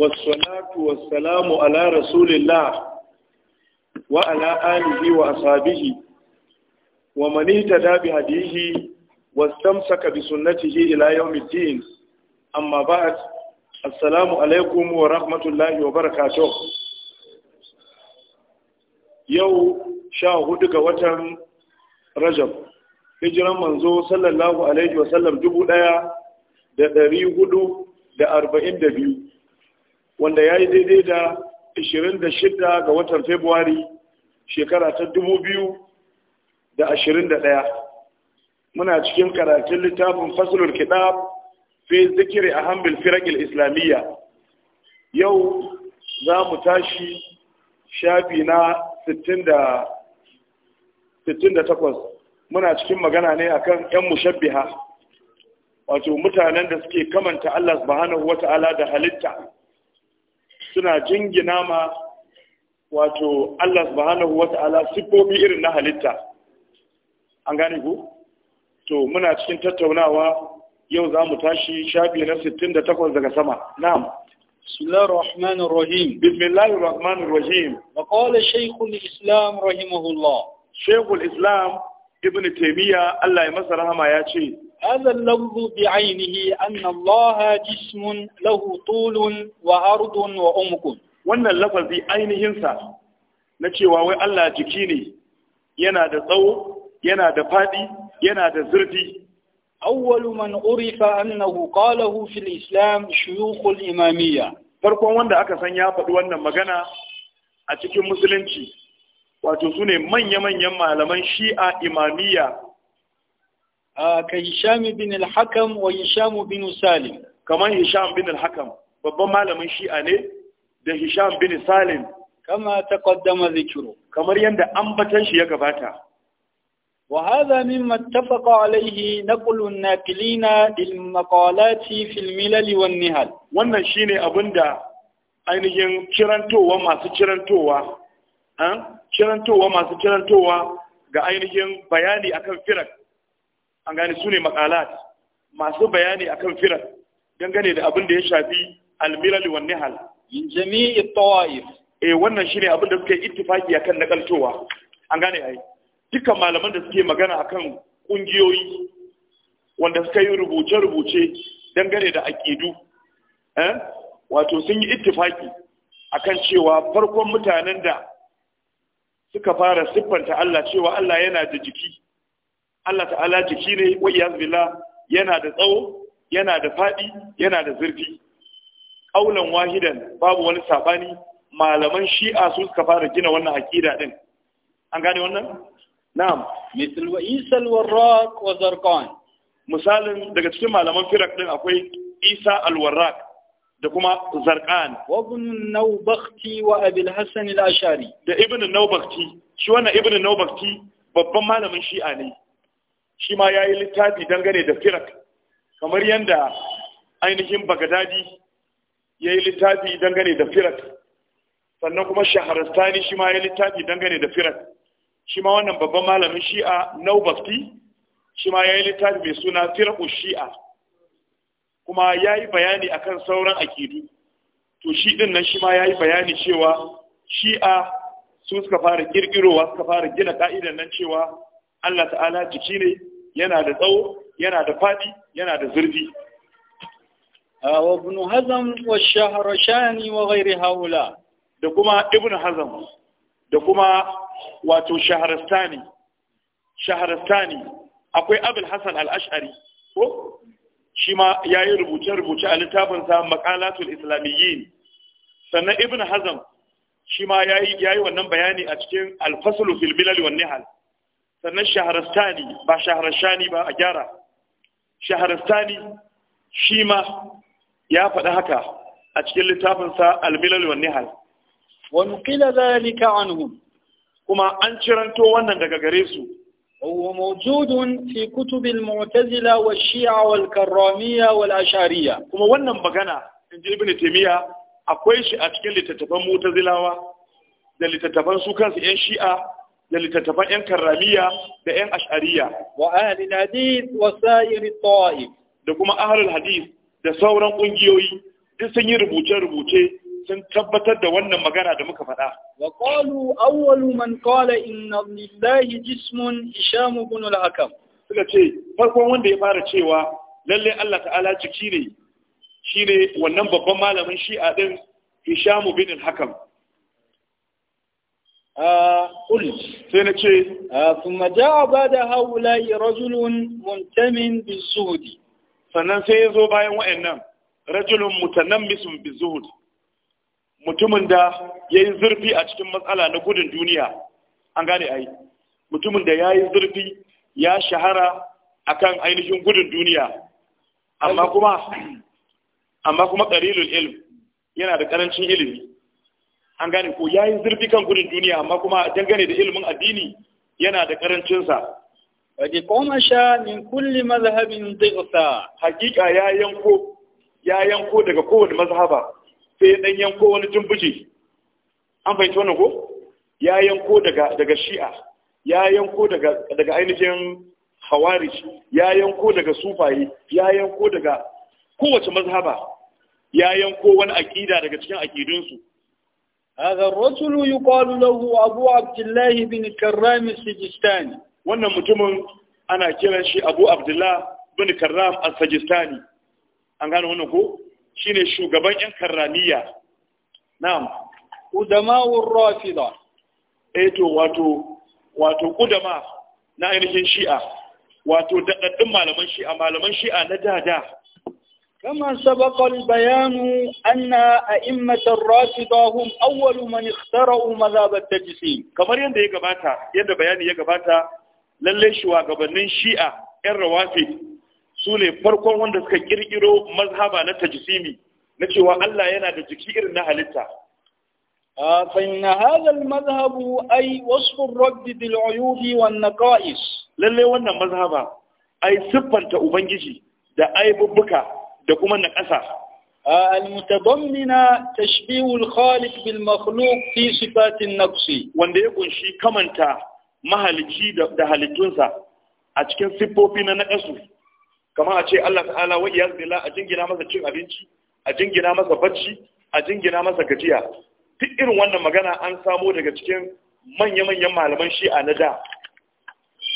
wasalatu wasalamu ala rasulillah wa ala alihi wa ashabihi wa man ihtada hadihi wastamsaka bi sunnatihi ila yawmiddin amma ba'd assalamu alaikum wa rahmatullahi wa barakatuh yau sha hudu ga watan rajab hijiran manzo sallallahu alaihi wa sallam dubu daya da dari hudu da arba'in da biyu wanda ya yi daidai da 26 ga watan Fabrairu shekara ta 2021 muna cikin karatun littafin fasulul kitab fi zikiri a hambil firakil islamiyya yau za mu tashi shafi na 68 muna cikin magana ne akan 'yan mushabbiha wato mutanen da suke kamanta Allah subhanahu ta'ala da halitta suna jingina ma wato Allah subhanahu wata'ala siffofi irin na halitta an gane ku to muna cikin tattaunawa yau za mu tashi shafi na 68 daga sama na'am Rahim. bismillahirrahmanirrahim Rahim. wa qala shaykhul islam rahimahullah shaykhul islam ibnu taymiya Allah ya masa rahama ya ce هذا اللفظ بعينه أن الله جسم له طول وعرض وعمق wannan lafazi ainihinsa na cewa wai Allah jiki ne yana da tsawo yana da faɗi yana da zurfi Auwalu man urifa annahu qalahu fil islam shuyukh al imamiyya farkon wanda aka san ya faɗi wannan magana a cikin musulunci wato sune manya-manyan malaman shi'a imamiyya ka Hisham bin al-Hakam wa Hisham bin Salim kamar Hisham bin babban malamin Shi'a ne da Hisham bin Salim kama taqaddama zikru kamar yanda ambatan shi ya gabata وهذا مما اتفق عليه نقل الناقلين للمقالات في الملل والنهل wannan shine abinda ainihin kirantowa masu kirantowa an kirantowa masu kirantowa ga ainihin bayani akan firak an gani su ne makalat masu bayani akan firar dangane da abin da ya shafi almiral wa nihal in jami'i tawaif eh wannan shine abin da suke ittifaki akan nakaltowa an gane ai dukkan malaman da suke magana akan kungiyoyi wanda suka yi rubuce-rubuce dangane da aƙidu eh wato sun yi ittifaki akan cewa farkon mutanen da suka fara siffanta Allah cewa Allah yana da jiki Allah ta'ala jiki ne wai ya yana da tsawo yana da faɗi, yana da zurfi Ƙaulan wahidan babu wani saɓani, malaman shi'a su suka fara gina wannan aqida ɗin an gane wannan na'am misal wa isal warraq wa zarqan misalin daga cikin malaman firak din akwai isa al warraq da kuma zarqan wa ibn nawbakhti wa abul hasan al-ashari da ibn nawbakhti shi wannan ibn nawbakhti babban malamin shi'a ne shi ma ya yi littafi dangane da firak kamar yadda ainihin bagadadi ya yi littafi dangane da firak sannan kuma shaharastani shi ma ya yi littafi dangane da firak shi ma wannan babban malamin shi'a naubakti shi ma ya yi littafi mai suna firaku shi'a kuma ya yi bayani akan sauran akidu to shi din nan shi ma ya yi bayani cewa shi'a su suka fara ƙirƙirowa, suka fara gina ka'idan nan cewa Allah ta'ala jiki ne yana da tsawo yana da faɗi yana da zurfi وابن ah, هزم wa وغير haula. da kuma ibn hazm da kuma wato shahrastani shahrastani akwai abul hasan al-ash'ari ko shi ma yayi rubuce rubuce a littafin sa maqalatul islamiyyin sannan ibn hazm shi ma yayi yayi wannan bayani a cikin al-fasl fil bilal wan nihal sannan shaharastani ba shaharashani ba a gyara shaharastani shi ma ya faɗi haka a cikin littafinsa almilal wa nihal wa nuqila zalika anhum kuma an ciranto wannan daga gare su huwa mawjudun fi kutubil mu'tazila wa shi'a wal karramiyya wal ash'ariyya kuma wannan magana in ji ibnu taymiya akwai shi a cikin littattafan mu'tazilawa da littattafan su kansu yan shi'a da littattafan 'yan karramiya da 'yan ash'ariya wa ahlul hadith wa sa'ir ta'if da kuma ahlul hadis da sauran kungiyoyi duk sun yi rubuce-rubuce sun tabbatar da wannan magana da muka faɗa wa auwalu awwalu man qala inna lillahi jismun ishamu ibn hakam suka ce farkon wanda ya fara cewa lallai Allah ta'ala jiki ne shine wannan babban malamin shi'a din hisham ibn hakam قلت سنتشي ثم جاء بعد هؤلاء رجل منتمن بالزهد sannan sai ya zo bayan wa'annan rajulun mutanen bi zuhud mutumin da ya yi zurfi a cikin matsala na gudun duniya an gane ai mutumin da ya yi zurfi ya shahara a kan ainihin gudun duniya amma kuma amma kuma ilm yana da ƙarancin ilimi an gane ko yayin zurfi kan gudun duniya amma kuma dangane da ilimin addini yana da karancinsa. sa waje ma sha min kulli mazhabin dhigsa hakika ya yanko ya yanko daga kowane mazhaba sai dan yanko wani jumbuji an fahimci wannan ko ya yanko daga daga shi'a ya yanko daga daga ainihin hawarij ya yanko daga sufaye ya yanko daga kowace mazhaba ya yanko wani aƙida daga cikin aƙidunsu هذا الرجل يقال له أبو عبد الله بن كرام السجستاني وانا متمن أنا كيران شي أبو عبد الله بن كرام السجستاني أنا هنا هو شيني شو قبان ين كرامية نعم قدماء الرافضة ايتو واتو واتو قدماء na ainihin shi'a wato daɗaɗɗun malaman shi'a malaman shi'a na dada كما سبق البيان أن أئمة الرافضة هم أول من اخترعوا مذاب التجسيم كما يندى يقباتا يندى بياني يقباتا للي شوى قبلن شيئة الروافد سولي فرقون وندس كيرجرو مذهب التجسيمي نشوى الله ينادى جكير نهلتا فإن هذا المذهب أي وصف الرد بالعيوب والنقائص للي وانا مذهبا أي سبا تأبنجي da aibubbuka da kuma na ƙasa al-mutadammina tashbihu khaliq bil makhluq fi sifatin nafsi wanda ya kunshi kamanta mahalici da halittunsa a cikin siffofi na naƙasu kamar a ce Allah ta'ala wa iyaz billah a jingina masa cin abinci a jingina masa bacci a jingina masa gajiya duk irin wannan magana an samo daga cikin manya-manyan malaman shi'a na da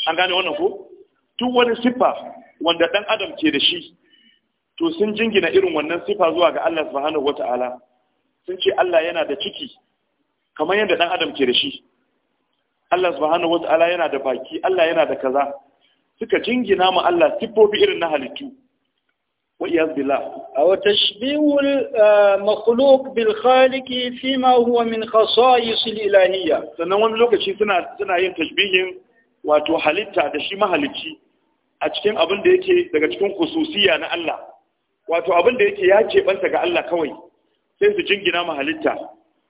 an gane wannan ko duk wani siffa wanda dan adam ke da shi to sun jingina irin wannan sifa zuwa ga Allah subhanahu wata'ala sun ce Allah yana da ciki kamar yadda dan adam ke da shi Allah subhanahu wata'ala yana da baki Allah yana da kaza suka jingina ma Allah sifofi irin na halittu wa iyaz billah aw tashbihu eh, makhluq bil khaliq fi ma huwa min khasa'is al ilahiyya sannan wani lokaci suna suna yin tashbihin wato halitta da shi mahalicci a cikin abin da yake daga cikin khususiyya na Allah wato abin da yake ya keɓanta ga Allah kawai sai su jingina ma halitta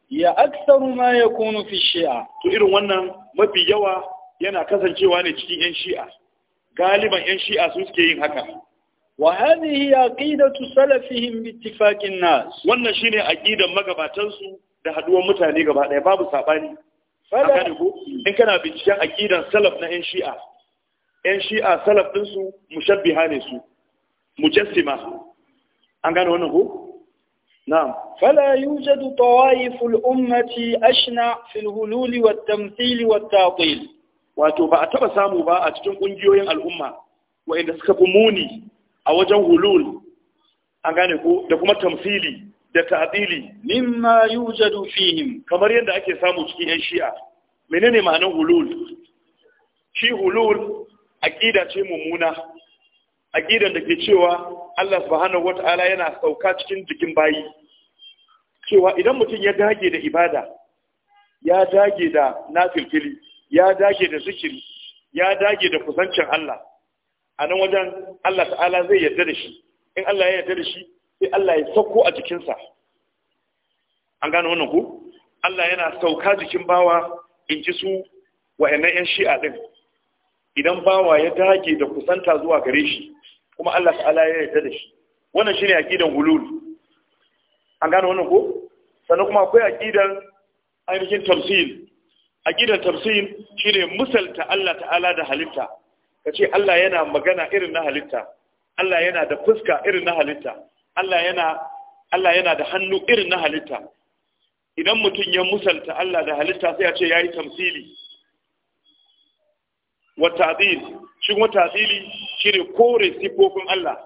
ya aksaru ma ya kunu fi shi'a to irin wannan mafi yawa yana kasancewa ne cikin yan shi'a galiban yan shi'a su suke yin haka wa hadhihi aqidatu salafihim bi ittifaqin nas wannan shine aqidan magabatan su da haduwar mutane gaba daya babu sabani fada in kana binciken aqidan salaf na yan shi'a yan shi'a salaf din su mushabbiha ne su mujassima an gane wannan ko نعم فلا يوجد طوائف الأمة أشنع في الهلول والتمثيل والتعطيل wato ba a taɓa samu ba a cikin ƙungiyoyin al'umma waɗanda suka fi muni a wajen hulul an gane ko da kuma tamsili da ta'dili mimma yujadu fihim kamar yadda ake samu cikin yan shi'a menene ma'anar hulul shi hulul aqida ce mummuna aqidan da ke cewa Allah subhanahu wataala yana sauka cikin jikin bayi cewa idan mutum ya dage da ibada ya dage da nafilfili ya dage da zikiri ya dage da kusancin Allah a nan wajen Allah ta'ala zai yarda da shi in Allah ya yarda da shi sai Allah ya sauko a jikinsa an gano wannan ku Allah yana sauka jikin bawa in ji su wa'annan 'yan shi'a din idan bawa ya dage da kusanta zuwa gare shi kuma Allah ta'ala ya yarda da shi wannan shine aqidan hulul an gane wannan ko sannan kuma akwai aqidan ainihin tamsil aqidan tamsil shine musalta Allah ta'ala da halitta kace Allah yana magana irin na halitta Allah yana da fuska irin na halitta Allah yana Allah yana da hannu irin na halitta idan mutum ya musalta Allah da halitta sai ya ce yayi tamsili wa ta'dil shi kuma ta'dili shine kore sifofin Allah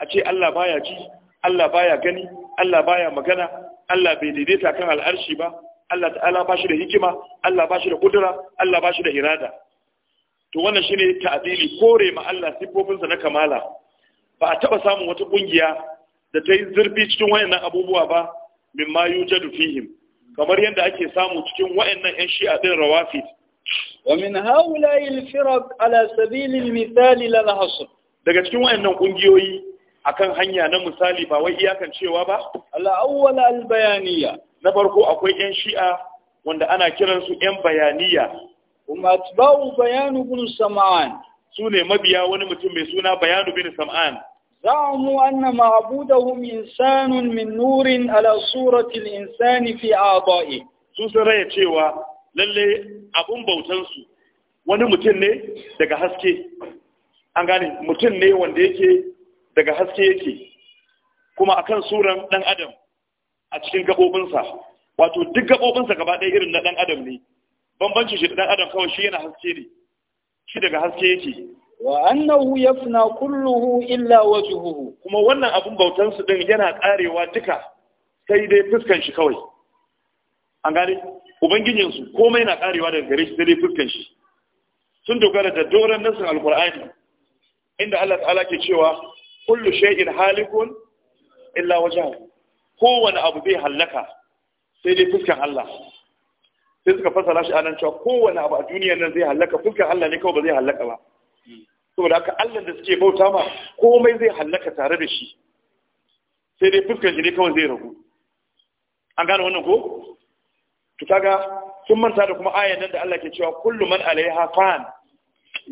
a ce Allah baya ji Allah baya gani Allah baya magana Allah bai daidaita kan al'arshi ba Allah ta'ala ba shi da hikima Allah ba shi da kudura Allah ba shi da irada to wannan shine ta'dili kore ma Allah sifofinsa na kamala ba a taba samun wata kungiya da ta yi zurfi cikin wayannan abubuwa ba min ma yujadu fihim kamar yadda ake samu cikin wayannan yan shi'a din rawafid ومن هؤلاء الفرق على سبيل المثال لا الحصر daga cikin wayannan kungiyoyi akan hanya na misali ba wai iyakan cewa ba al-awwal al-bayaniya na farko akwai yan shi'a wanda ana kiran su yan bayaniya kuma atba'u bayanu bin sam'an su ne mabiya wani mutum mai suna bayanu bin sam'an za'amu anna ma'budahum insanun min nurin ala surati al-insani fi aba'i su sun raya cewa lalle abun bautansu wani mutum ne daga haske an gane mutum ne wanda yake daga haske yake kuma akan suran dan adam a cikin gabobinsa wato duk gabobinsa gaba ɗaya irin na dan adam ne bambanci shi da dan adam kawai shi yana haske ne shi daga haske yake wa annahu yafna kulluhu illa wajhuhu kuma wannan abun bautansu din yana karewa duka sai dai fuskan shi kawai an gane su komai na karewa daga gare shi sai dai fuskan shi sun dogara da doron nasir alkur'ani inda Allah ta'ala ke cewa kullu shay'in halikun illa wajhahu kowane abu zai halaka sai dai fuskan Allah sai suka fasala shi anan cewa kowane abu a duniyar nan zai halaka fuskan Allah ne kawai ba zai halaka ba saboda haka Allah da suke bauta ma komai zai halaka tare da shi sai dai fuskan shi ne kawai zai ragu an gane wannan ko to kaga sun manta da kuma ayan nan da Allah ke cewa kullu man alaiha fan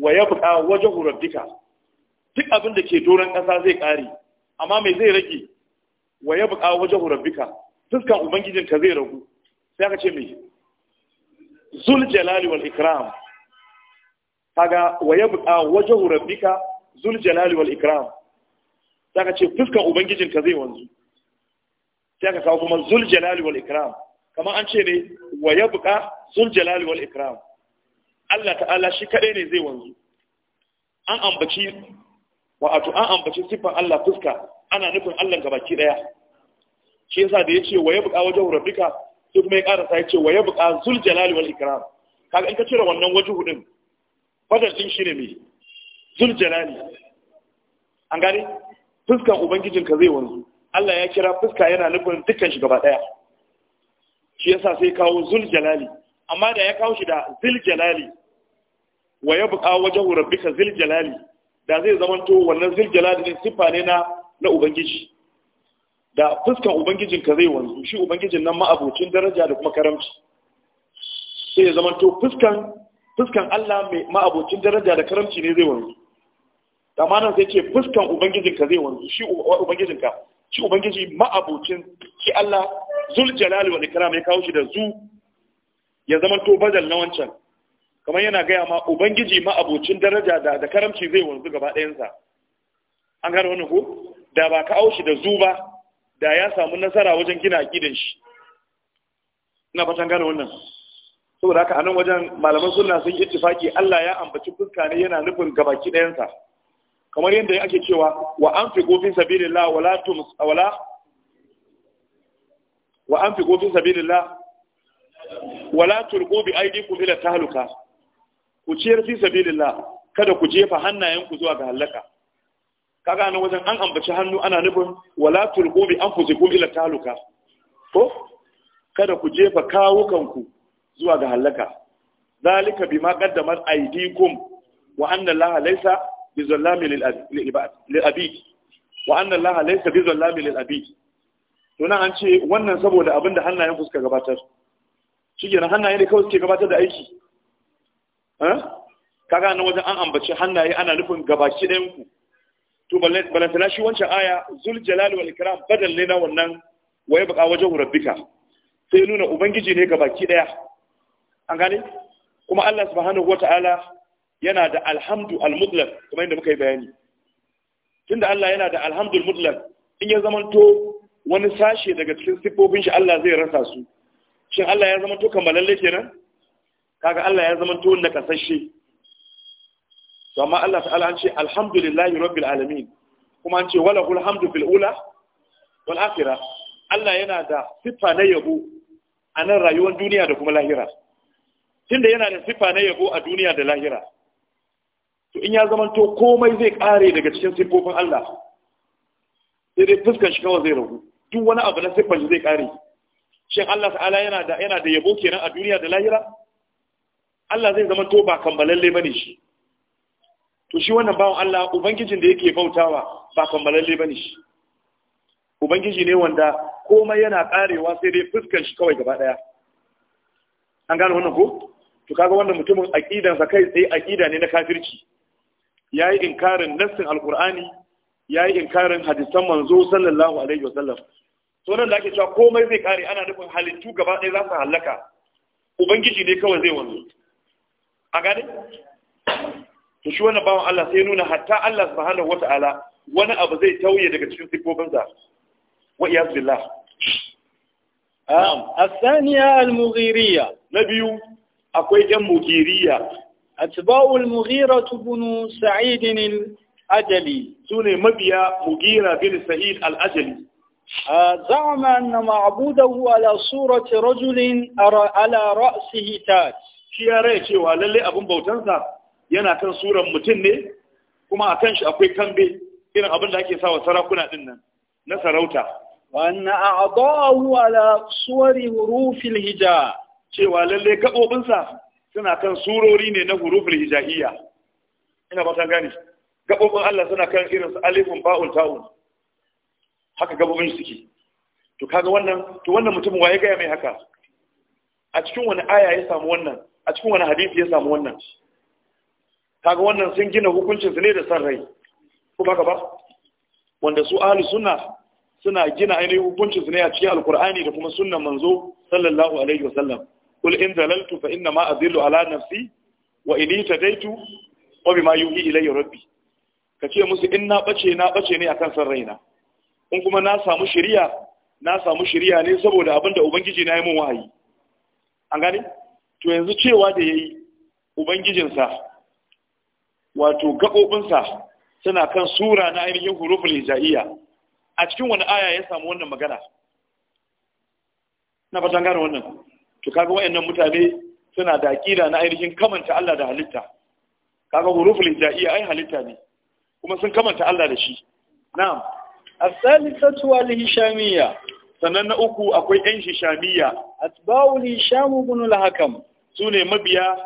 wa yabqa wajhu rabbika duk abin da ke doron ƙasa zai ƙare amma mai zai rage wa yabqa wajhu rabbika fuskan ka zai ragu sai aka ce mai zul jalali wal ikram kaga wa yabqa wajhu rabbika zul jalali wal ikram sai aka ce ubangijin ka zai wanzu sai aka kawo kuma zul jalali wal ikram kamar an ce ne wa ya buƙa sun jalali wal ikram Allah ta'ala shi kaɗai ne zai wanzu an ambaci wato an ambaci siffar Allah fuska ana nufin Allah ga baki ɗaya shi yasa da ya ce wa ya buƙa wajen rabbika sai kuma ya ƙarasa ya ce wa ya buƙa zul jalali wal ikram kaga in ka cire wannan waje hudin fadar din shi ne me zul jalali an gane fuskan ubangijinka zai wanzu Allah ya kira fuska yana nufin dukkan shi gaba ɗaya shi yasa sai kawo zul jalali amma da ya kawo shi da zil jalali wa ya buƙa wajen rabbika zil jalali da zai zamanto wannan zil jalali ne siffa ne na na ubangiji da fuskan ubangijin ka zai wanzu shi ubangijin nan ma'abocin daraja da kuma karamci sai ya zamanto fuskan fuskan Allah mai ma'abocin daraja da karamci ne zai wanzu amma nan sai ce fuskan ubangijin ka zai wanzu shi ubangijin ka shi ubangiji ma'abocin shi Allah zul jalali wal ikram ya kawo shi da zu ya zama to bazal na wancan kamar yana gaya ma ubangiji ma abocin daraja da da karamci zai wanzu gaba sa an gano wannan ko da ba ka aushi da zu ba da ya samu nasara wajen gina gidan shi ina fatan gano wannan saboda haka anan wajen malaman sunna sun yi ittifaki Allah ya ambaci fuska ne yana nufin gaba ɗayan ɗayansa kamar yadda ake cewa wa anfiqu fi sabilillah wala tums wala wa an fi gofin sabilillah wala turqu bi aydikum ila tahluka ku ciyar fi sabilillah kada ku jefa hannayenku zuwa ga halaka kaga nan wajen an ambaci hannu ana nufin wala turqu bi anfusikum ila tahluka ko kada ku jefa kawukanku zuwa ga halaka zalika bima qaddamat aydikum wa anna allaha laysa bizallami lil abid wa anna allaha laysa bizallami lil abid to nan an ce wannan saboda abin da hannayen suka gabatar shi nan hannaye ne kawai suke gabatar da aiki eh? kaga nan wajen an ambaci hannaye ana nufin gabaki ɗayan ku to balantana shi wancan aya zul jalal wal ikram badal ne na wannan waye baka wajen rabbika sai nuna ubangiji ne gabaki ɗaya an gane kuma Allah subhanahu wata'ala yana da alhamdu al-mutlaq kamar yadda muka yi bayani tunda Allah yana da alhamdu al mutlaq in ya zamanto wani sashe daga cikin siffofin shi Allah zai rasa su shin Allah ya zama to kammalalle kenan kaga Allah ya zama to na kasashe to amma Allah ta'ala an ce alhamdulillahi rabbil alamin kuma an ce wala hamdu fil ula wal Allah yana da siffa na yabo a nan rayuwar duniya da kuma lahira tunda yana da siffa na yabo a duniya da lahira to in ya zama to komai zai kare daga cikin siffofin Allah sai dai fuskar shi kawai zai ragu duk wani abu na siffar zai kare shin Allah ta'ala yana da yana da yabo kenan a duniya da lahira Allah zai zama to ba kammalalle bane shi to shi wannan bawan Allah ubangijin da yake bautawa ba kammalalle bane shi ubangiji ne wanda komai yana karewa sai dai fuskar shi kawai gaba daya an gano wannan ko to kaga wannan mutumin aqidansa kai tsaye aqida ne na kafirci yayi inkarin nassin alqur'ani ya yi inkarin hadisan manzo sallallahu alaihi sallam to nan da ake cewa komai zai kare ana nufin halittu gaba ɗaya za su hallaka ubangiji ne kawai zai wanzu a gane to shi wannan bawan Allah sai nuna hatta Allah subhanahu wata'ala wani abu zai tauye daga cikin sifofinsa wa iyaz billah am asaniya ah. al-mughiriya na biyu akwai yan mughiriya atba'u al-mughira ibn ajali sune mabiya mugira bin sa'id al-ajali زعم أن معبوده على صورة رجل على رأسه تاج shi ya raya cewa lalle abin sa yana kan suran mutum ne kuma a kan shi akwai kambe irin abin da ake sa wa sarakuna din nan na sarauta wa anna a'dahu ala suwari hurufil hija cewa lalle gabobinsa suna kan surori ne na hurufil hijaiya ina ba ta gane gabobin Allah suna kan irin su alifun ba'ul ta'un haka gabobin suke to kaga wannan to wannan mutumin waye gaya mai haka a cikin wani aya ya samu wannan a cikin wani hadisi ya samu wannan kaga wannan sun gina hukuncin su ne da san rai ko baka ba wanda su ahli sunna suna gina ainihin hukuncin su ne a cikin alqur'ani da kuma sunnan manzo sallallahu alaihi wasallam qul in dalaltu fa inna ma adillu ala nafsi wa in tadaitu wa bima yuhi ilayya rabbi ka ce musu in na bace na bace ne kan san raina in kuma na samu shiriya na samu shiriya ne saboda abin da ubangiji na yi min wahayi an gane to yanzu cewa da ya yi ubangijinsa wato gaɓoɓinsa suna kan sura na ainihin huruful hijaiya a cikin wani aya ya samu wannan magana na fatan gane wannan to kaga wayannan mutane suna da aqida na ainihin kamanta Allah da halitta kaga huruful hijaiya ai halitta ne kuma sun kamanta Allah da shi na'am as-salisatu wal hishamiyya sannan na uku akwai yan hishamiyya atba'u hisham ibn al-hakam sune mabiya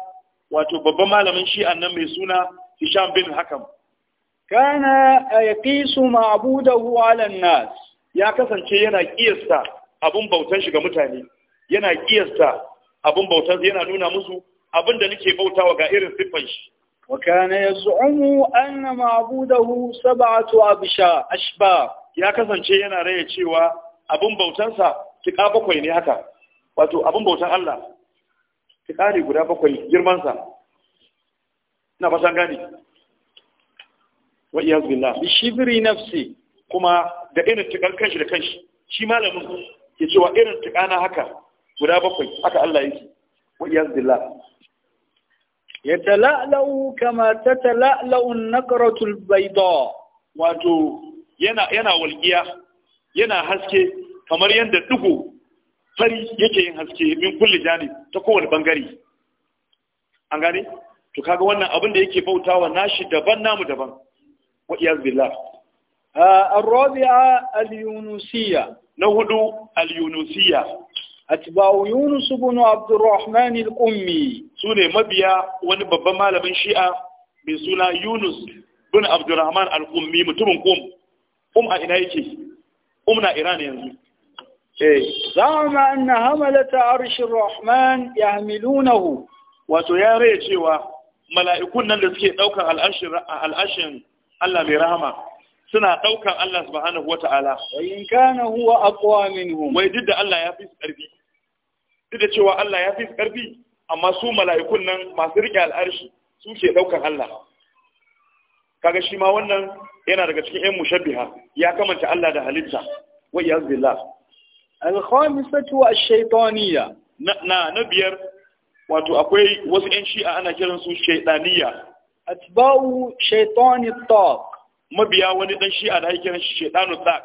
wato babban malamin shi annan mai suna hisham bin hakam kana yaqisu ma'budahu 'ala an-nas ya kasance yana kiyasta abun bautan shi ga mutane yana kiyasta abun bautan yana nuna musu abin da nake bautawa ga irin siffan shi وكان يزعم أن معبوده سبعة أبشا أشبا ya kasance yana raya cewa abin bautansa tika bakwai ne haka wato abin bautan Allah tika ne guda bakwai girmansa na fasan gani wa iyaz billah bi shibri nafsi kuma da irin tikar kanshi da kanshi shi malamin ke cewa irin tika na haka guda bakwai haka Allah yake wa iyaz billah Ya yatala'la'u kama tatala'la'u an-naqratu bai bayda wato yana yana yana haske kamar yadda dugo fari yake yin haske min kulli jani ta kowane bangare an gane to kaga wannan abin da yake bautawa nashi daban namu daban wa iyaz billah Na اليونسية نهدو اليونسية atba'u Yunus ibn Abdurrahman al-Ummi sune mabiya wani babban malamin Shi'a mai suna Yunus ibn Abdurrahman al mutumin Qum a ina yake na Iran yanzu eh zama anna hamalata arshir rahman yahmilunahu wato ya raya cewa mala'ikunan da suke daukar al'ashin al'ashin Allah mai rahama suna ɗaukar Allah subhanahu wata'ala wa in kana wai duk da Allah ya fi karfi duk da cewa Allah ya fi karfi amma su mala'ikun nan masu rike al'arshi su ke daukan Allah kaga shi ma wannan yana daga cikin ƴan mushabbiha ya kamanta Allah da halitta wa iyaz billah al-khamisatu ash-shaytaniyya na na biyar wato akwai wasu ƴan shi'a ana kiran su shaytaniyya atba'u shaytani taq mabiya wani dan shi'a da ake kiran shi shaytanu taq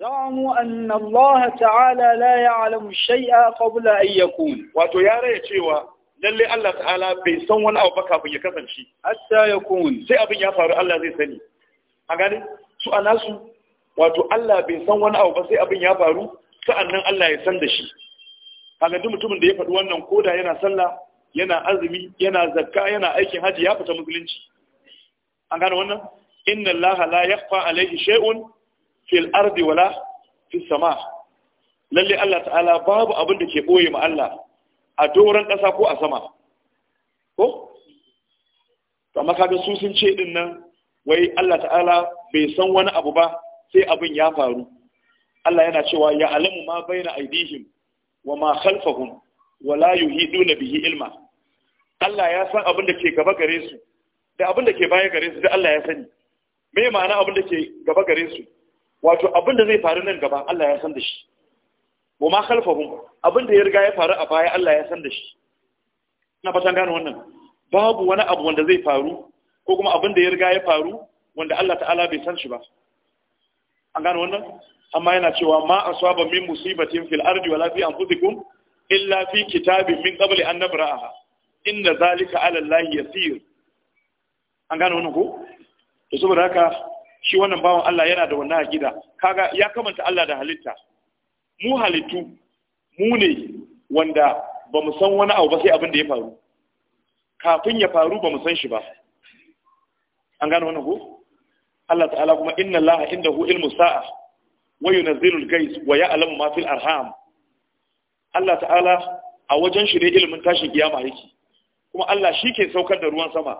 زعموا أن الله تعالى لا يعلم شيئا قبل أن يكون wato ya raya cewa lallai Allah ta'ala bai san wani abu ba kafin ya kasance hatta yakun sai abin ya faru Allah zai sani a gani su anasu wato Allah bai san wani abu ba sai abin ya faru sa'annan Allah ya san da shi kaga mutumin da ya faɗi wannan koda yana sallah yana azumi yana zakka yana aikin haji ya fita musulunci an gane wannan inna la alaihi fil ardi wala fi sama lalle Allah ta'ala babu abin da ke boye ma Allah a doron ƙasa ko a sama ko to ka ga su sun ce din nan wai Allah ta'ala bai san wani abu ba sai abin ya faru Allah yana cewa ya alamu ma baina aidihim wa ma khalfahum wa la yuhiduna bihi ilma Allah ya san abin da ke gaba gare su da abin da ke baya gare su da Allah ya sani me ma'ana abin da ke gaba gare su wato abin da zai faru nan gaba Allah ya san da shi wa ma khalfahum abin da ya riga ya faru a baya Allah ya san da shi ina fatan gane wannan babu wani abu wanda zai faru ko kuma abin da ya riga ya faru wanda Allah ta'ala bai san shi ba an gane wannan amma yana cewa ma asaba min musibatin fil ardi wala fi anfusikum illa fi kitabin min qabli an nabra'aha inna zalika ala allahi yasir an gane wannan ko to saboda haka shi wannan bawan Allah yana da wannan aqida kaga ya kamanta Allah da halitta mu halittu mu ne wanda ba mu san wani abu ba sai abin da ya faru kafin ya faru ba mu san shi ba an gane wannan ko Allah ta'ala kuma inna Allah indahu ilmu sa'a wa yunzilu al-gais wa ya'lamu ma fil arham Allah ta'ala a wajen shi ne ilimin tashin kiyama yake kuma Allah shi ke saukar da ruwan sama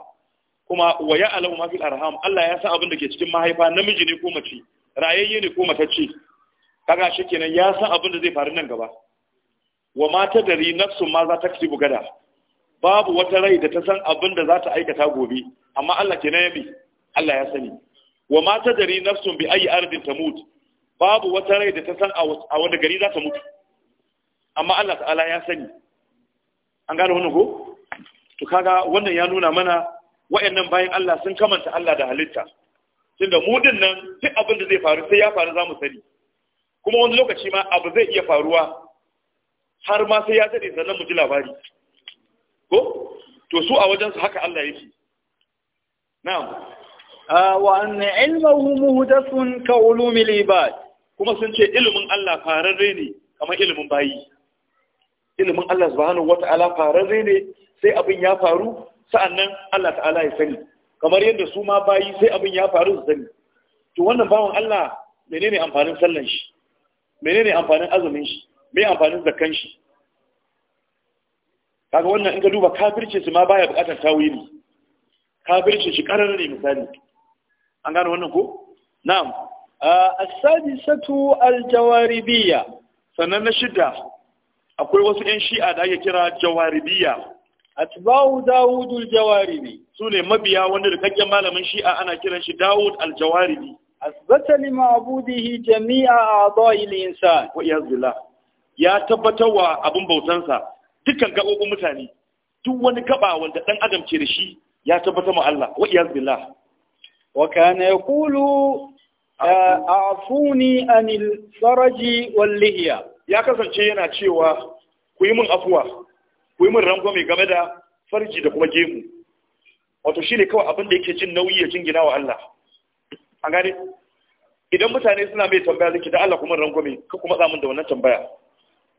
kuma wa ya alamu mafi arham Allah ya san abin da ke cikin mahaifa namiji ne ko mace rayayye ne ko matacce kaga shi kenan ya san abin da zai faru nan gaba wa ma ta dari nafsun ma za ta kasibu gada babu wata rai da ta san abin da za ta aikata gobe amma Allah kenan ya bi Allah ya sani wa ma ta dari nafsun bi ayi ardin tamut babu wata rai da ta san a wani gari za ta mutu amma Allah ta'ala ya sani an gane wannan ko to kaga wannan ya nuna mana wa'annan bayan Allah sun kamanta Allah da halitta tunda mu din nan duk abin da zai faru sai ya faru za sani kuma wani lokaci ma abu zai iya faruwa har ma sai ya dade sannan mu ji labari ko to su a wajensu haka Allah yake na'am wa anna ilmuhu muhdathun ka ulumil ibad kuma sun ce ilimin Allah fararre ne kamar ilimin bayi ilimin Allah subhanahu wata'ala fararre ne sai abin ya faru sa'annan Allah ta'ala ya sani kamar yadda su ma bayi sai abin ya faru su sani to wannan bawan Allah menene amfanin sallan shi menene amfanin azumin shi me amfanin zakan shi kaga wannan in ka duba kafircin su ma baya bukatar tawili kafircin shi karar ne misali an gano wannan ko na'am as-sadisatu al-jawaribiyya sannan na shida akwai wasu 'yan shi'a da ake kira jawaribiyya atba'u Dawud al-Jawaribi sune mabiya wanda rikakken malamin Shi'a ana kiran shi Dawud al-Jawaribi asbata li ma'budihi jami'a a'dha'i al-insan wa yazla ya wa abin bautansa dukkan gabobin mutane duk wani gaba wanda dan adam ke da shi ya tabbata ma Allah wa yazla wa kana yaqulu a'funi anil faraji wal lihiya ya kasance yana cewa ku yi min afuwa ku yi min rangwame game da farji da kuma gemu wato shi ne kawai abin da yake jin nauyi ya jingina wa Allah an gane idan mutane suna mai tambaya zaki da Allah kuma rangwame ka kuma tsamin da wannan tambaya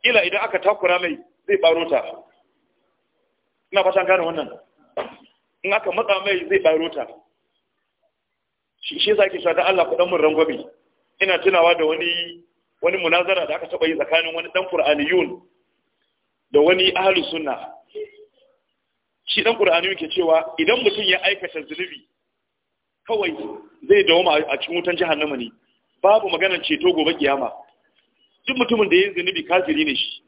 ila idan aka takura mai zai baro ta ina fatan gane wannan in aka matsa mai zai baro ta shi shi yasa ke da Allah ku dan mun rangwame ina tunawa da wani wani munazara da aka taba yi tsakanin wani dan Qur'aniyun da wani ahalu suna. shi dan qur'ani yake cewa idan mutum ya aikata zunubi kawai zai dawoma a cikin wutan jahannama ne babu maganar ceto gobe kiyama duk mutumin da ya yi zunubi kafiri ne shi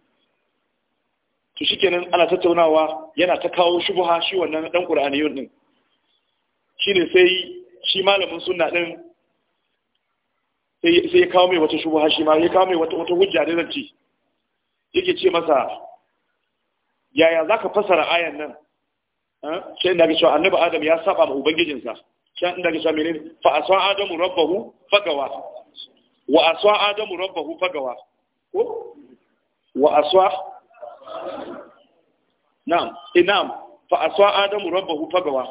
to shikenan ana tattaunawa yana ta kawo shubha shi wannan dan qur'aniyun din shine sai shi malamin sunna din sai ya kawo mai wata shubha shi ma ya kawo mai wata wata hujja da zance yake ce masa yaya za ka fasara ayan nan sai inda ga cewa annabi adam ya saba ma ubangijinsa sai inda ga cewa menene fa asa adamu rabbahu fagawa wa asa adamu rabbahu fagawa ko wa asa na'am inam eh, fa asa adamu rabbahu fagawa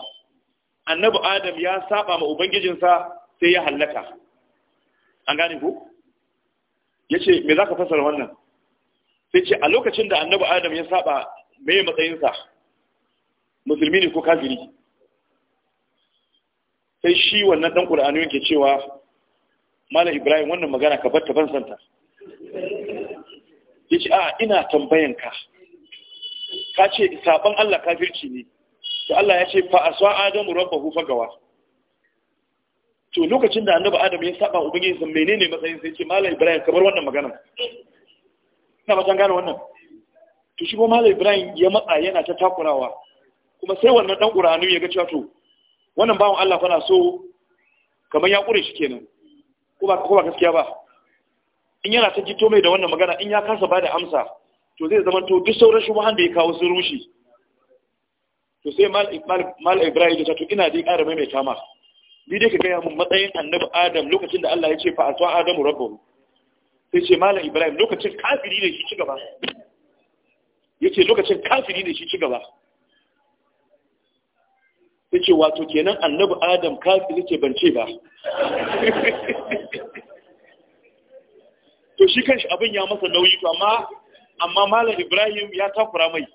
annabi adam ya saba ma ubangijinsa sai ya hallaka an gane ku yace me zaka fasara wannan sai ce a lokacin da annabi adam ya saba me matsayinsa musulmi ne ko kafiri sai shi wannan dan ƙul'ani yake cewa malam ibrahim wannan magana ka batta ban santa ce a ina tambayan ka ka ce saban Allah kafirci ne to Allah ya ce fa aswa adamu hufa gawa to lokacin da annabi adam ya saba ubangiji sun menene matsayin sai ce malam ibrahim kamar wannan magana ina batan gane wannan to shi kuma malam ibrahim ya matsa yana ta takurawa kuma sai wannan dan ƙuranu ya ga cewa to wannan bawan Allah fa so kamar ya ƙure shi kenan ko ba ko ba gaskiya ba in yana ta jito mai da wannan magana in ya kasa da amsa to zai zama to duk sauran shi da ya kawo sun rushe to sai Malam ibrahim ya ce to ina dai ƙara mai kama ni dai ka gaya mun matsayin annabi adam lokacin da Allah ya ce fa aswa adamu rabbahu sai ce malam ibrahim lokacin kafiri ne shi ci gaba yake lokacin kafiri ne shi ci gaba ce wato kenan annabi adam kafiri ce ban ce ba to shi shi abin ya masa nauyi to amma amma malam ibrahim ya takura mai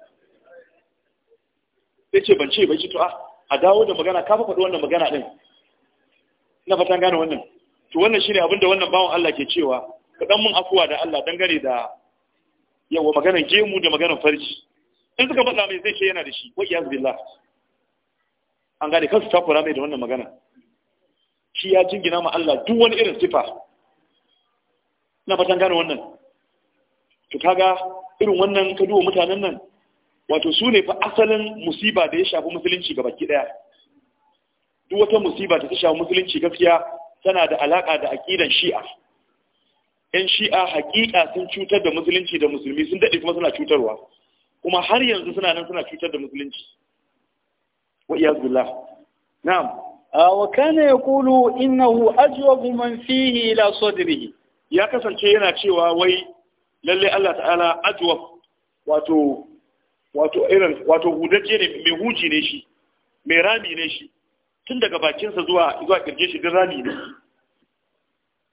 yace ban ce ba shi to a dawo da magana ka faɗi wannan magana din ina fatan gane wannan to wannan shine abin da wannan bawon Allah ke cewa ka dan mun afuwa da Allah dangane da yawa maganar gemu da maganar farji in suka matsa mai zai ce yana da shi wa iyaz billah an gane kansu takura mai da wannan magana shi ya jingina ma Allah duk wani irin sifa ina fatan gane wannan to kaga irin wannan ka duba mutanen nan wato su ne fa asalin musiba da ya shafi musulunci ga baki daya duk wata musiba da ta shafi musulunci gaskiya tana da alaka da aqidan shi'a yan shi'a hakika sun cutar da musulunci da musulmi sun daɗe kuma suna cutarwa kuma har yanzu suna nan suna cutar da musulunci wa iyaz billah na'am wa kana yaqulu innahu ajwabu man fihi da sadrihi ya kasance yana cewa wai lalle Allah ta'ala ajwab wato wato irin wato hudajje ne mai huji ne shi mai rami ne shi tun daga bakinsa zuwa zuwa kirje shi din rami ne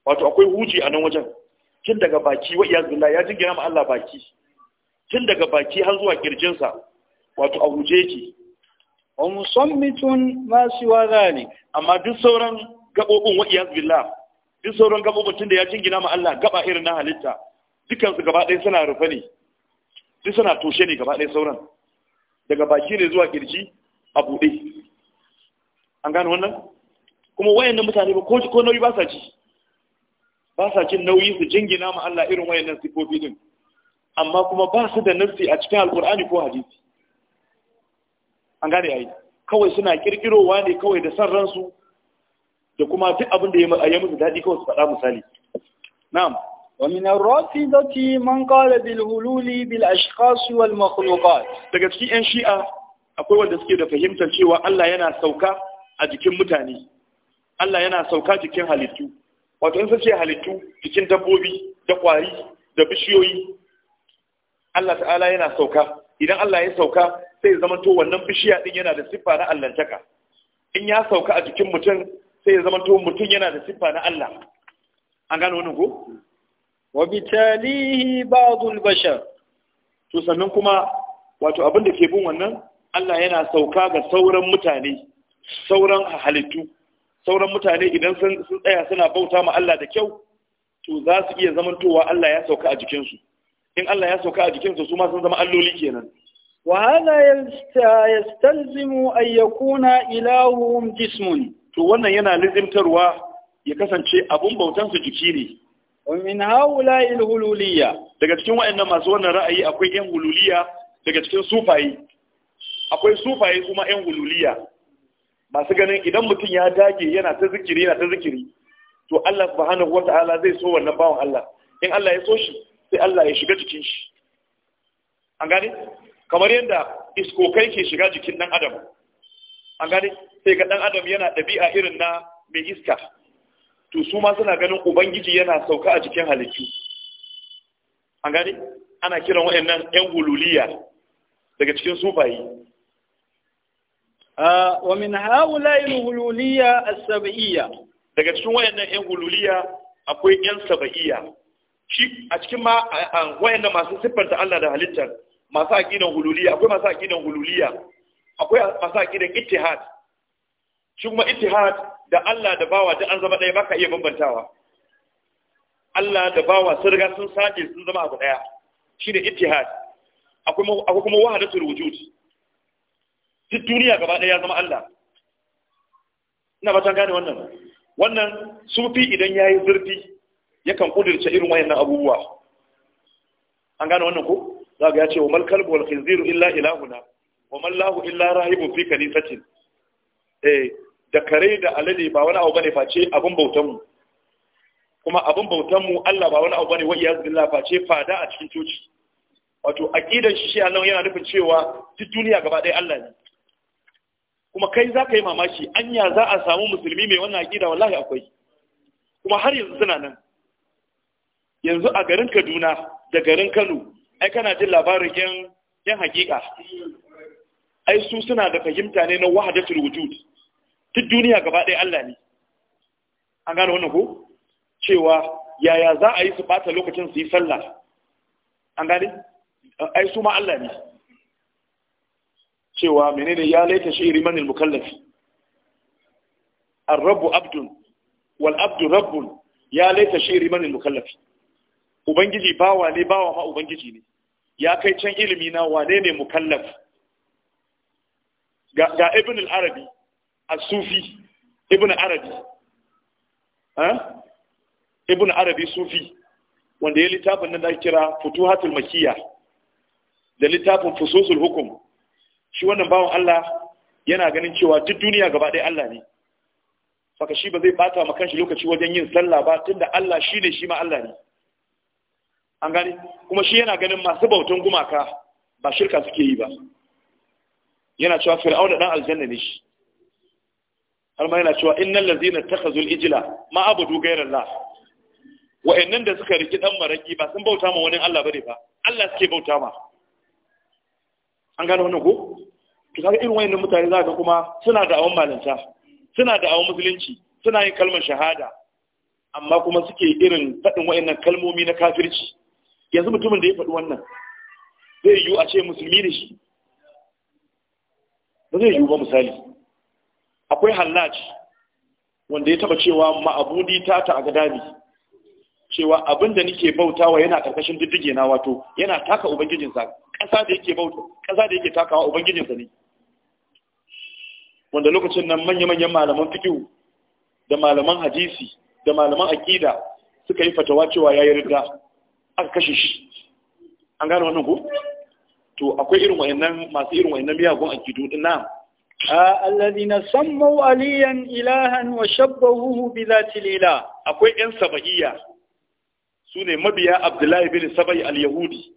wato akwai huji a nan wajen tun daga baki wa iyaz billah ya jingina ma Allah baki tun daga baki har zuwa kirjinsa wato a guje yake wa musammitun ma wa zalik amma duk sauran gabobin wa iyaz billah duk sauran gabobin tun da ya jingina ma Allah gaba irin na halitta dukan su gaba ɗaya suna rufe ne duk suna toshe ne gaba ɗaya sauran daga baki ne zuwa kirji a buɗe an gane wannan kuma wayannan mutane ba ko nauyi ba sa ji ba sa cin nauyi su jingina ma Allah irin wayannan sifofi din amma kuma ba su da nafsi a cikin alkur'ani ko hadisi an gane ai kawai suna kirkirowa ne kawai da san ransu da kuma duk abin da ya musu daɗi kawai su faɗa misali na'am ومن الرافضة من قال بالهلول بالأشخاص والمخلوقات daga cikin yan shi'a akwai wanda suke da fahimtar cewa Allah yana sauka a jikin mutane Allah yana sauka jikin halittu wato in sun ce halittu jikin dabbobi da kwari da bishiyoyi Allah ta'ala yana sauka idan Allah ya sauka sai ya to wannan bishiya din yana da siffa na allantaka in ya sauka a jikin mutum sai ya to mutum yana da siffa na Allah an gano wannan ko wa bitalihi ba'dul bashar to sannan kuma wato abin da ke bin wannan Allah yana sauka ga sauran mutane sauran halittu sauran mutane idan sun tsaya suna bauta ma Allah da kyau to za su iya zamantowa Allah ya sauka a jikinsu in Allah ya sauka a jikinsu su ma sun zama alloli kenan وهذا yastalzimu an yakuna ilahum jismun to wannan yana lazimtarwa ya kasance abun bautan su jiki ne min haula hululiyya daga cikin wayannan masu wannan ra'ayi akwai yan hululiyya daga cikin sufayi akwai sufayi kuma yan hululiyya masu ganin idan mutum ya dage yana ta zikiri yana ta zikiri to Allah subhanahu wata'ala zai so wannan bawan Allah in Allah ya so shi sai Allah ya shiga jikin shi an gane kamar yadda iskokai ke shiga jikin dan adam an gane sai ga dan adam yana ɗabi'a irin na mai iska to su ma suna ganin ubangiji yana sauka a cikin halittu an gane ana kiran wa'annan yan gululiya daga cikin sufayi Ah, wa min haula'il hululiyya as-sab'iyya daga cikin wayannan yan hululiyya akwai yan sab'iyya shi a cikin ma wayannan masu siffanta Allah da halittar masu aqidan hululiyya akwai masu aqidan hululiyya akwai masu aqidan ittihad shi kuma ittihad da Allah da bawa da an zama ɗaya baka iya bambantawa Allah da bawa sun riga sun sace sun zama abu ɗaya ne ittihad akwai kuma wahdatul wujud duk duniya gaba ɗaya ya zama Allah ina ba ta gane wannan wannan sufi idan ya yi zurfi yakan kudirce irin wayannan abubuwa an gane wannan ko za ga ya ce wa mal kalbu wal khinziru illa ilahuna wa man lahu illa rahibun fi kanisatin eh da kare da alade ba wani abu bane face abun bautan mu kuma abun bautan mu Allah ba wani abu bane wa iyaz billah face fada a cikin coci wato aqidan shi shi Allah yana nufin cewa duk duniya gaba ɗaya Allah ne kuma kai za ka yi mamaki anya za a samu musulmi mai wannan aƙida wallahi akwai kuma har yanzu suna nan yanzu a garin kaduna da garin kano ai kana jin labarin yan yan hakika ai su suna da fahimta ne na wahadatul wujud duk duniya gaba ɗaya Allah ne an gano wannan ko cewa yaya za a yi su bata lokacin su yi sallah an gane ai su ma Allah ne cewa menene ya laita shi'iri manil mukallafi ar-rabbu abdun wal abdu rabbun ya laita shi'iri manil mukallafi ubangiji bawa ne bawa ma ubangiji ne ya kai can ilimi na wane ne mukallaf ga ga ibn al-arabi a sufi ibn arabi ha ibn arabi sufi wanda ya littafin nan da kira futuhatul makiyya da littafin fususul hukum shi wannan bawan Allah yana ganin cewa duk duniya gaba ɗaya Allah ne saka shi ba zai bata ma kanshi lokaci wajen yin sallah ba tunda Allah ne shi ma Allah ne an gane kuma shi yana ganin masu bautan gumaka ba shirka suke yi ba yana cewa fir'auna dan aljanna ne shi har ma yana cewa innal ladzina takhazul ijla ma abudu ghayrallah wa'annan da suka riki dan maraki ba sun bauta ma wani Allah bane ba Allah suke bauta ma an gani wannan ko Ka kaga irin wayannan mutane za ka kuma suna da awon malanta suna da awon musulunci suna yin kalmar shahada amma kuma suke irin faɗin wayannan kalmomi na kafirci yanzu mutumin da ya faɗi wannan zai yiwu a ce musulmi ne shi ba zai yiwu ba misali akwai hallaj wanda ya taba cewa ma'abudi ta ta a cewa abin da nike bautawa yana karkashin diddige na wato yana taka ubangijinsa ƙasa da yake bauta ƙasa da yake takawa ubangijinsa ne wanda lokacin nan manya-manyan malaman fikiyu da malaman hadisi da malaman aƙida suka yi fatawa cewa ya yi rida aka kashe shi an gane wannan ku? to akwai irin wayannan masu irin wayannan miyagun aƙidu din na alladhina sammu aliyan ilahan wa shabbahuhu bi zati lila akwai yan Su ne mabiya abdullahi bin sabai al-yahudi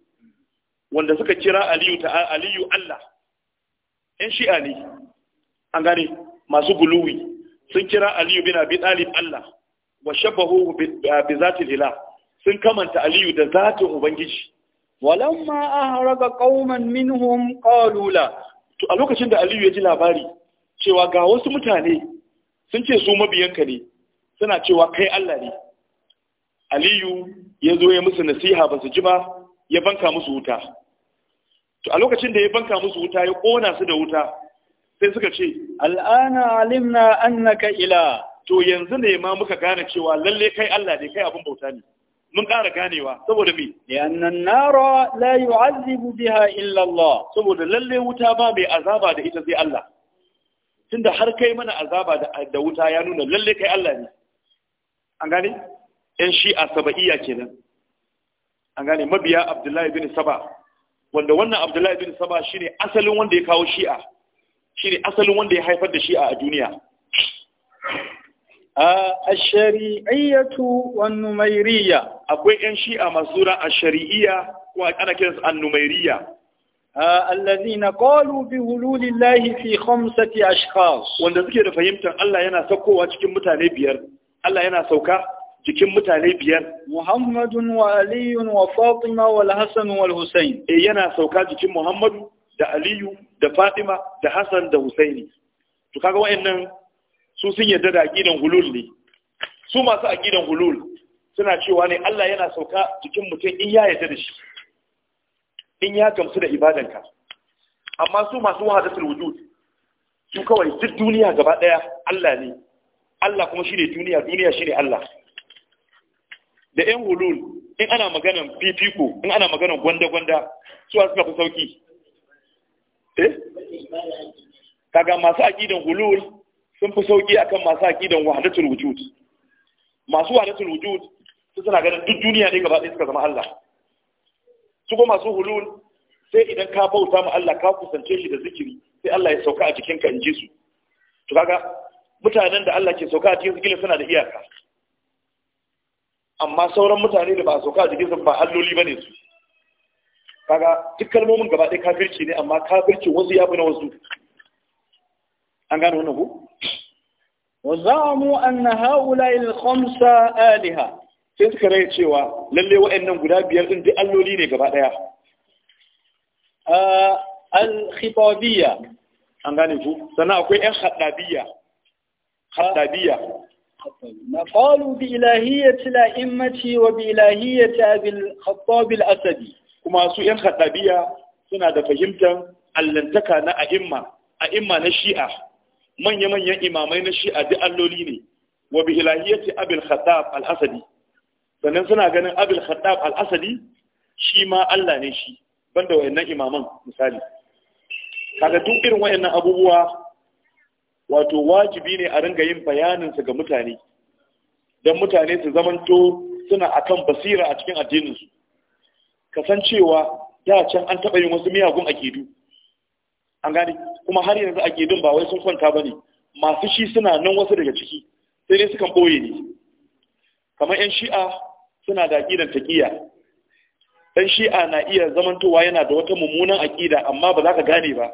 wanda suka kira aliyu ta aliyu Allah yan shi'a ne an gane masu guluwi sun kira aliyu bin abi talib Allah wa shabahu bi zati ilah sun kamanta aliyu da zatin ubangiji walamma ahraga qauman minhum qalu la to a lokacin da aliyu ya ji labari cewa ga wasu mutane sun ce su mabiyanka ne suna cewa kai Allah ne aliyu ya zo ya musu nasiha ba su ji ba ya banka musu wuta to a lokacin da ya banka musu wuta ya kona su da wuta sai suka ce al'ana alimna annaka ila to yanzu ne ma muka gane cewa lalle kai Allah ne kai abin bauta ne mun ƙara ganewa saboda me lianna nara la yu'azzibu biha illa Allah saboda lalle wuta ba mai azaba da ita sai Allah tunda har kai mana azaba da wuta ya nuna lalle kai Allah ne an gane yan shi'a saba'iyya kenan an gane mabiya Abdullahi bin Saba wanda wannan Abdullahi bin Saba shine asalin wanda ya kawo shi'a shine asalin wanda ya haifar da shi a duniya a ashari'iyyatu wan numairiya. akwai yan shi'a masu sura shari'iya ko a kiransu an-numairiyya allazina qalu bi hululillahi fi a ashkhas wanda suke da fahimtar Allah yana saukowa cikin mutane biyar Allah yana sauka cikin mutane biyar Muhammadun wa Aliyun wa Fatima wal Hassan wal Hussein eh yana sauka jikin Muhammadu da aliyu da fatima da hassan da husaini to kaga wayannan su sun yarda da aqidan hulul ne su masu aqidan hulul suna cewa ne Allah yana sauka cikin mutum in ya yarda da shi in ya gamsu da ibadanka amma su masu wahadatul wujud su kawai duk duniya gaba daya Allah ne Allah kuma shine duniya duniya shine Allah da ƴan hulul in ana maganan fifiko in ana maganan gwanda-gwanda su suka fi sauki eh kaga masu aqidan hulul sun fi sauki akan masu aqidan wahdatul wujud masu wahdatul wujud su suna ganin duk duniya ne gaba ɗaya suka zama Allah su kuma masu hulul sai idan ka bauta ma Allah ka kusance shi da zikiri sai Allah ya sauka a jikinka in ji su to kaga mutanen da Allah ke sauka a cikin zikirin suna da iyaka amma sauran mutane da ba sauka a su ba alloli bane su kaga duk kalmomin gaba ɗaya kafirci ne amma kafirci wasu ya fi na wasu an gano wannan ku wazamu anna haula il khamsa aliha sai suka rai cewa lalle wa'annan guda biyar din duk alloli ne gaba ɗaya al khitabiyya an gane ku sannan akwai yan haddabiyya haddabiyya قالوا بإلهية الأئمة وبإلهية أبي الخطاب الأسدي kuma su yan haɗabiya suna da fahimtar allantaka na a'imma a'imma na shi'a manya-manyan imamai na shi'a duk alloli ne wa bi ilahiyati abil khattab al-asadi sannan suna ganin abil khattab al-asadi shi ma Allah ne shi banda wayannan imaman misali kaga duk irin wayannan abubuwa wato wajibi ne a ringa yin bayanin ga mutane dan mutane su zamanto suna akan basira a cikin addininsu. kasancewa da can an taɓa yin wasu miyagun akidu an gane kuma har yanzu akidun ba wai sun kwanta ba ne masu shi suna nan wasu daga ciki sai dai sukan ɓoye ne kamar 'yan shi'a suna da aƙidan taƙiya. ɗan shi'a na iya zamantowa yana da wata mummunan aƙida amma ba za ka gane ba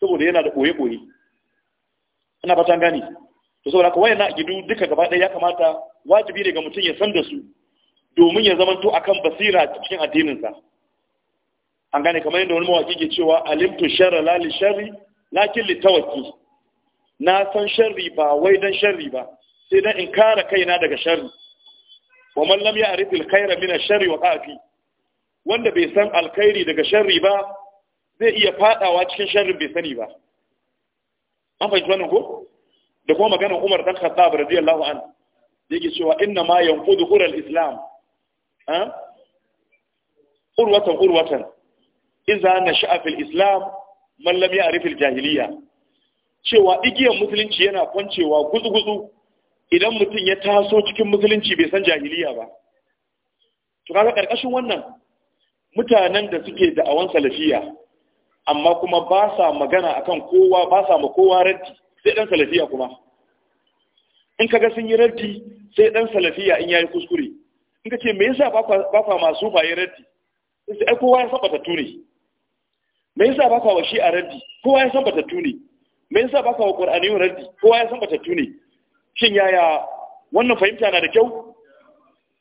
saboda yana da ɓoye-ɓoye ina fatan gane to saboda ka wayan akidu duka gaba ɗaya ya kamata wajibi ne ga mutum ya san da su domin ya to akan basira cikin addininsa an gane kamar yadda wani mawaki ke cewa alimtu sharra la li sharri lakin li tawakki na san sharri ba wai dan sharri ba sai dan in kare kaina daga sharri wa man lam ya'rif al-khayra min ash-sharri wa qafi wanda bai san alkhairi daga sharri ba zai iya fadawa cikin sharri bai sani ba an fahimci wannan ko da kuma maganar Umar dan Khattab radiyallahu anhu yake cewa inna ma yanqudu al islam urwatan urwatan iza na sha'afil islam mallam ya arifil jahiliya cewa igiyar musulunci yana kwancewa gutsu-gutsu idan mutum ya taso cikin musulunci bai san jahiliya ba to kaga karkashin wannan mutanen da suke da'awan salafiya amma kuma ba sa magana akan kowa ba sa ma kowa raddi sai dan salafiya kuma in kaga sun yi raddi sai dan salafiya in yayi kuskure in ka ce me yasa ba kwa masu faye raddi sai ai kowa ya sabata tuni. me yasa ba kwa wa shi a raddi kowa ya sabata tuni. me yasa ba kwa wa qur'ani raddi kowa ya sabata tuni. shin yaya wannan fahimta na da kyau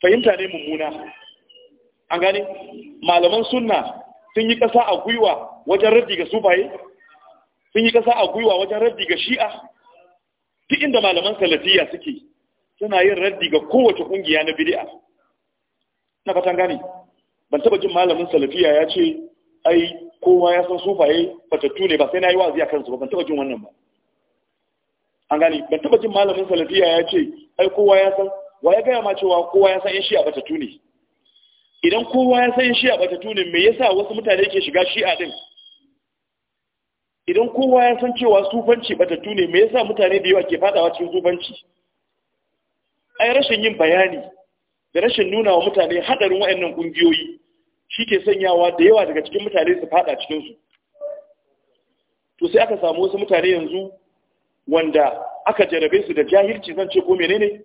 fahimta ne mummuna an gane malaman sunna sun yi ƙasa a gwiwa wajen raddi ga sufaye sun yi ƙasa a gwiwa wajen raddi ga shi'a duk inda malaman salafiya suke suna yin raddi ga kowace ƙungiya na bid'a na fatan gane ban taba jin malamin salafiya ya ce ai kowa ya san sufaye fatattu ne ba sai na yi wa'azi a kansu ba ban taba jin wannan ba an gane ban taba jin malamin salafiya ya ce ai kowa ya san wa ya gaya ma cewa kowa ya san yan shi'a fatattu ne idan kowa ya san yin shi'a fatattu ne me yasa wasu mutane ke shiga shi'a din idan kowa ya san cewa sufanci fatattu ne me yasa mutane da yawa ke fadawa cikin sufanci ai rashin yin bayani da rashin nuna wa mutane haɗarin wa'annan ƙungiyoyi shi ke sanyawa da yawa daga cikin mutane su faɗa cikinsu to sai aka samu wasu mutane yanzu wanda aka jarabe su da jahilci zan ce ko menene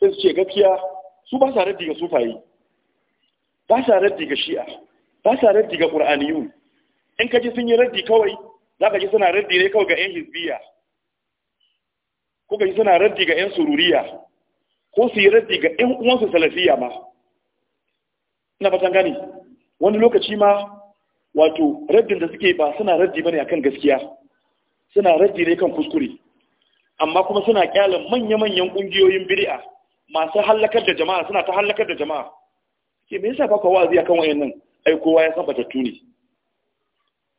sai su ce gaskiya su ba sa raddi ga sufaye ba sa raddi ga shi'a ba sa raddi ga qur'aniyun in ka ji sun yi raddi kawai za ka ji suna raddi ne kawai ga yan hizbiya ko ka ji suna raddi ga yan sururiya ko su yi raddi ga 'yan uwansu salafiya ma ina fatan gani wani lokaci ma wato raddin da suke ba suna raddi bane akan gaskiya suna raddi ne kan kuskure amma kuma suna kyalan manya-manyan kungiyoyin bid'a masu hallakar da jama'a suna ta hallakar da jama'a ke me yasa ba ka wa'azi akan wayannan ai kowa ya san batattu ne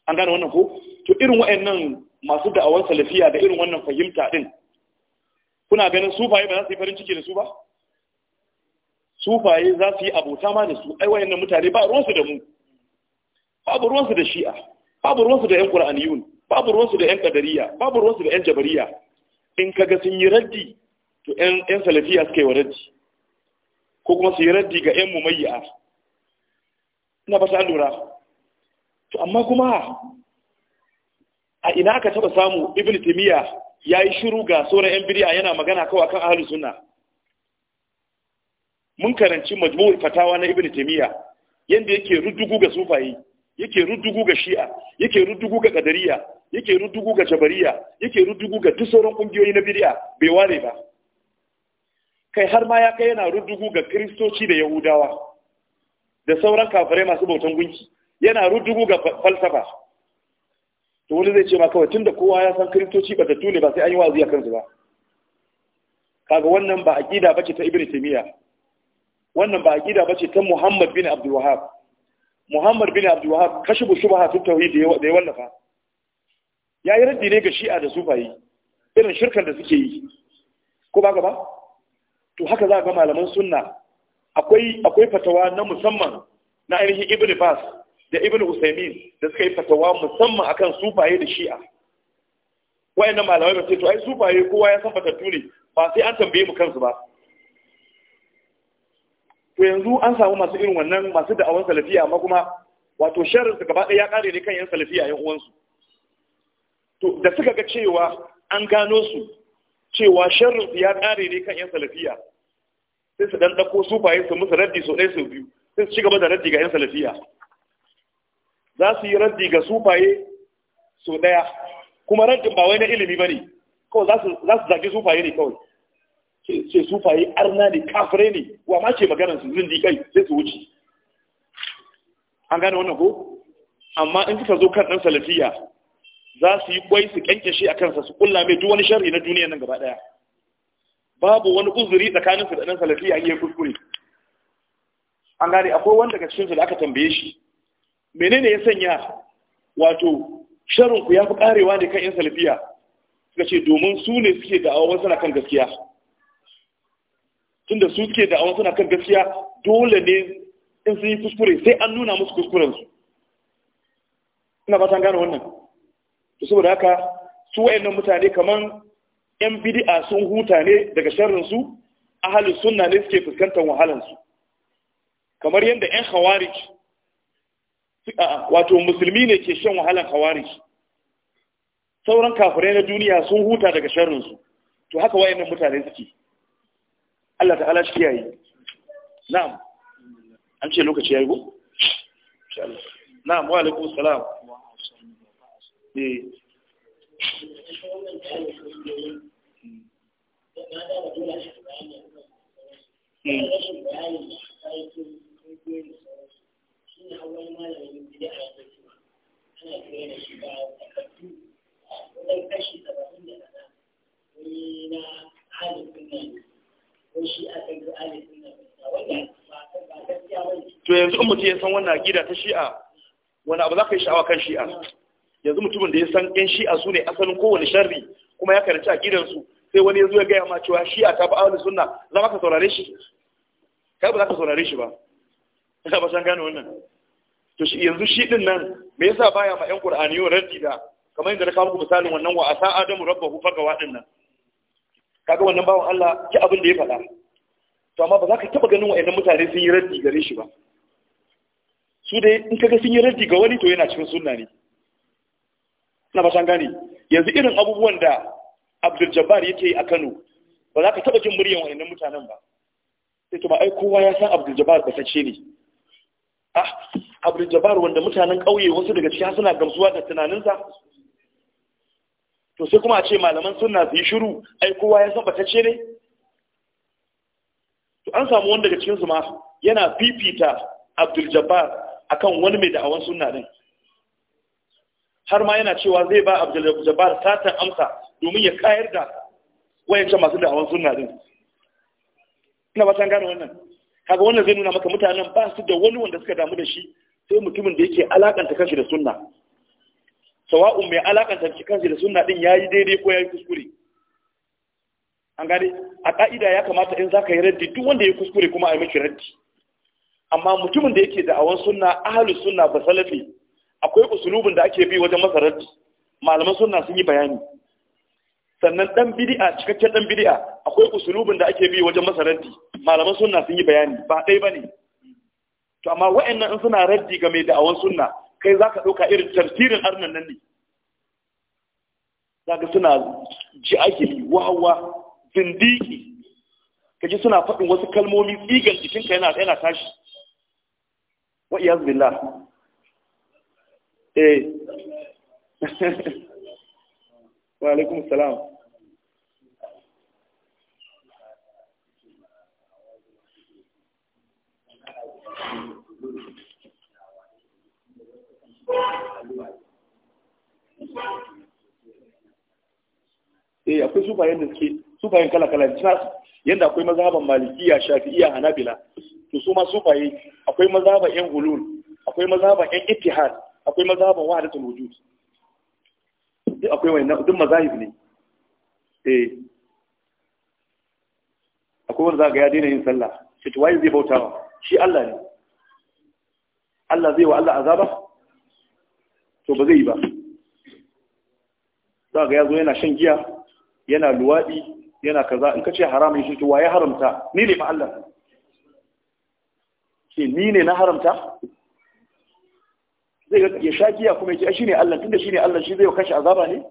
an gane wannan ko to irin wayannan masu da'awar salafiya da irin wannan fahimta din kuna ganin sufaye ba za su yi farin ciki da su ba sufaye za su yi abota ma da su ai wayannan mutane ba ruwansu da mu babu ruwansu da shi'a babu ruwansu da yan qur'aniyun babu ruwansu da yan qadariya babu ruwansu da yan jabariya in kaga sun yi raddi to yan yan salafiya suka yi wa raddi ko kuma su yi raddi ga yan mumayya ina ba ta lura to amma kuma a ina aka taba samu ibn timiya yayi shiru ga sauran yan biri'a yana magana kawai kan ahlus sunna mun karanci majmu'ul fatawa na ibn timiya yanda yake ruddugu ga sufayi yake ruddugu ga shi'a yake ruddugu ga qadariya yake ruddugu ga jabariya yake ruddugu ga duk sauran kungiyoyi na bidiya bai ware ba kai har ma ya kai yana ruddugu ga kristoci da yahudawa da sauran kafirai masu bautan gunki yana ruddugu ga falsafa to wani zai ce ma kawai tunda kowa ya san kiristoci ba tattu ne ba sai an yi wa'azi a kansu ba kaga wannan ba aqida bace ta ibnu taymiya wannan ba aqida bace ta muhammad bin abdul wahhab muhammad bin abdul wahhab kashfu shubha fi tauhid da ya wallafa yayi raddi ne ga shi'a da sufayi irin shirkan da suke yi ko ba gaba to haka za ga malaman sunna akwai fatawa na musamman na ainihin ibnu bas da ibn usaimin da suka yi fatawa musamman akan sufaye da shi'a nan malamai ba sai to ai sufaye kowa ya san fatattu ne ba sai an tambaye mu kansu ba to yanzu an samu masu irin wannan masu da'awan salafiya amma kuma wato sharrin su gaba ɗaya ya kare ne kan yan salafiya yan uwansu to da suka ga cewa an gano su cewa sharrin su ya kare ne kan yan salafiya sai su dan dako sufaye su musu raddi so ɗaya so biyu sai su ci gaba da raddi ga yan salafiya za su yi raddi ga sufaye so daya kuma raddin ba wai na ilimi ba ne, kawai za su zage sufaye ne kawai ce sufaye arna ne kafire ne wa ma ce maganar su zindi kai sai su wuce an gane wannan ko amma in suka zo kan dan salafiya za su yi kwai su kyankyashe a kansa su kulla mai duk wani sharri na duniya nan gaba daya babu wani uzuri tsakanin su da dan salafiya in yi kuskure an gane akwai wanda daga cikin su da aka tambaye shi menene ya sanya wato sharin ku ya fi karewa ne kan yan salafiya suka ce domin su ne suke da'awa suna kan gaskiya tunda su suke da'awa suna kan gaskiya dole ne in sun yi kuskure sai an nuna musu kuskuren su ina ba san gane wannan to saboda haka su wayannan mutane kamar yan bid'a sun huta ne daga sharrin su ahalus sunna ne suke fuskantar wahalansu. kamar yadda yan khawarij wato musulmi ne ke shan wahalan kawari sauran kafirai na duniya sun huta daga sharrinsu to haka waye wayannan mutane suke Allah ta'ala shi kiyaye na'am an ce lokaci yayi go na'am wa alaikum salam eh hmm. wani malamin yanzu yi to yanzu in mutum ya san wannan gida ta shi'a wani abu za ka yi sha'awa kan shi'a yanzu mutumin da ya san yan shi'a su ne asalin kowane sharri kuma ya karanci a gidansu sai wani ya zo ya gaya ma cewa shi'a ta fi wani sunna za ka saurare shi kai ba za ka saurare shi ba Ka ba san gane wannan to shi yanzu shi din nan me yasa baya ma yan qur'aniyo raddi da kamar yadda na kawo muku misalin wannan wa asa adamu rabbahu fagawa din nan kaga wannan bawan Allah ki abin da ya faɗa to amma ba za ka taba ganin wa'annan mutane sun yi raddi gare shi ba su dai in kaga sun yi raddi ga wani to yana cikin sunna ne na ba san gani yanzu irin abubuwan da Abdul Jabbar yake yi a Kano ba za ka taba jin muryan wa'annan mutanen ba sai to ba ai kowa ya san Abdul Jabbar ba sace ne Ah, abdul jabbar wanda mutanen ƙauye wasu daga cikin suna gamsuwa da tunaninsa to sai kuma a ce malaman suna su yi shiru ai kowa ya san batacce ne to an samu wanda daga cikin su ma yana fifita abdul jabbar kan wani mai da'awan suna din har ma yana cewa zai ba abdul jabbar satan amsa domin ya kayar da wayancan masu da'awan sunna din ina ba san wannan kaga wannan zai nuna maka mutanen ba su da wani wanda suka damu da shi sai mutumin da yake alakanta kanshi da sunna sawa'un mai alakanta kanshi da sunna din yayi daidai ko yayi kuskure an gane a ka'ida ya kamata in zaka yi raddi duk wanda ya kuskure kuma a yi mishi raddi amma mutumin da yake da'awan sunna ahlus sunna ba salafi akwai usulubin da ake bi wajen masa raddi malaman sunna sun yi bayani sannan ɗan bid'a cikakken ɗan bid'a akwai usulubin da ake bi wajen masaranti malaman sunna sun yi bayani ba dai bane to amma wa'annan in suna raddi ga mai da'awan sunna kai zaka dauka irin tafsirin arnan nan ne zaka suna ji'ahili wawa zindiki ji suna faɗin wasu kalmomi tsigan jikinka yana yana tashi wa iyaz eh wa alaikum salam e akwai sufayen da suke sufayen kala-kala yadda akwai mazhaban malikiya shafi'iya hanabila to su ma sufaye akwai mazhaban yan hulul akwai mazhaban yan ittihad akwai mazhaban wahdatul wujud duk akwai wani duk mazahib ne e akwai wanda zaka ya daina yin sallah shi to wai zai bautawa shi Allah ne Allah zai wa Allah azaba to ba zai yi ba za ga yazo yana shan giya yana luwadi yana kaza in kace haramun shi to waye haramta ni ne fa Allah ce ni ne na haramta zai ya sha giya kuma ya shi ne Allah tunda shi ne Allah shi zai wa kashi azaba ne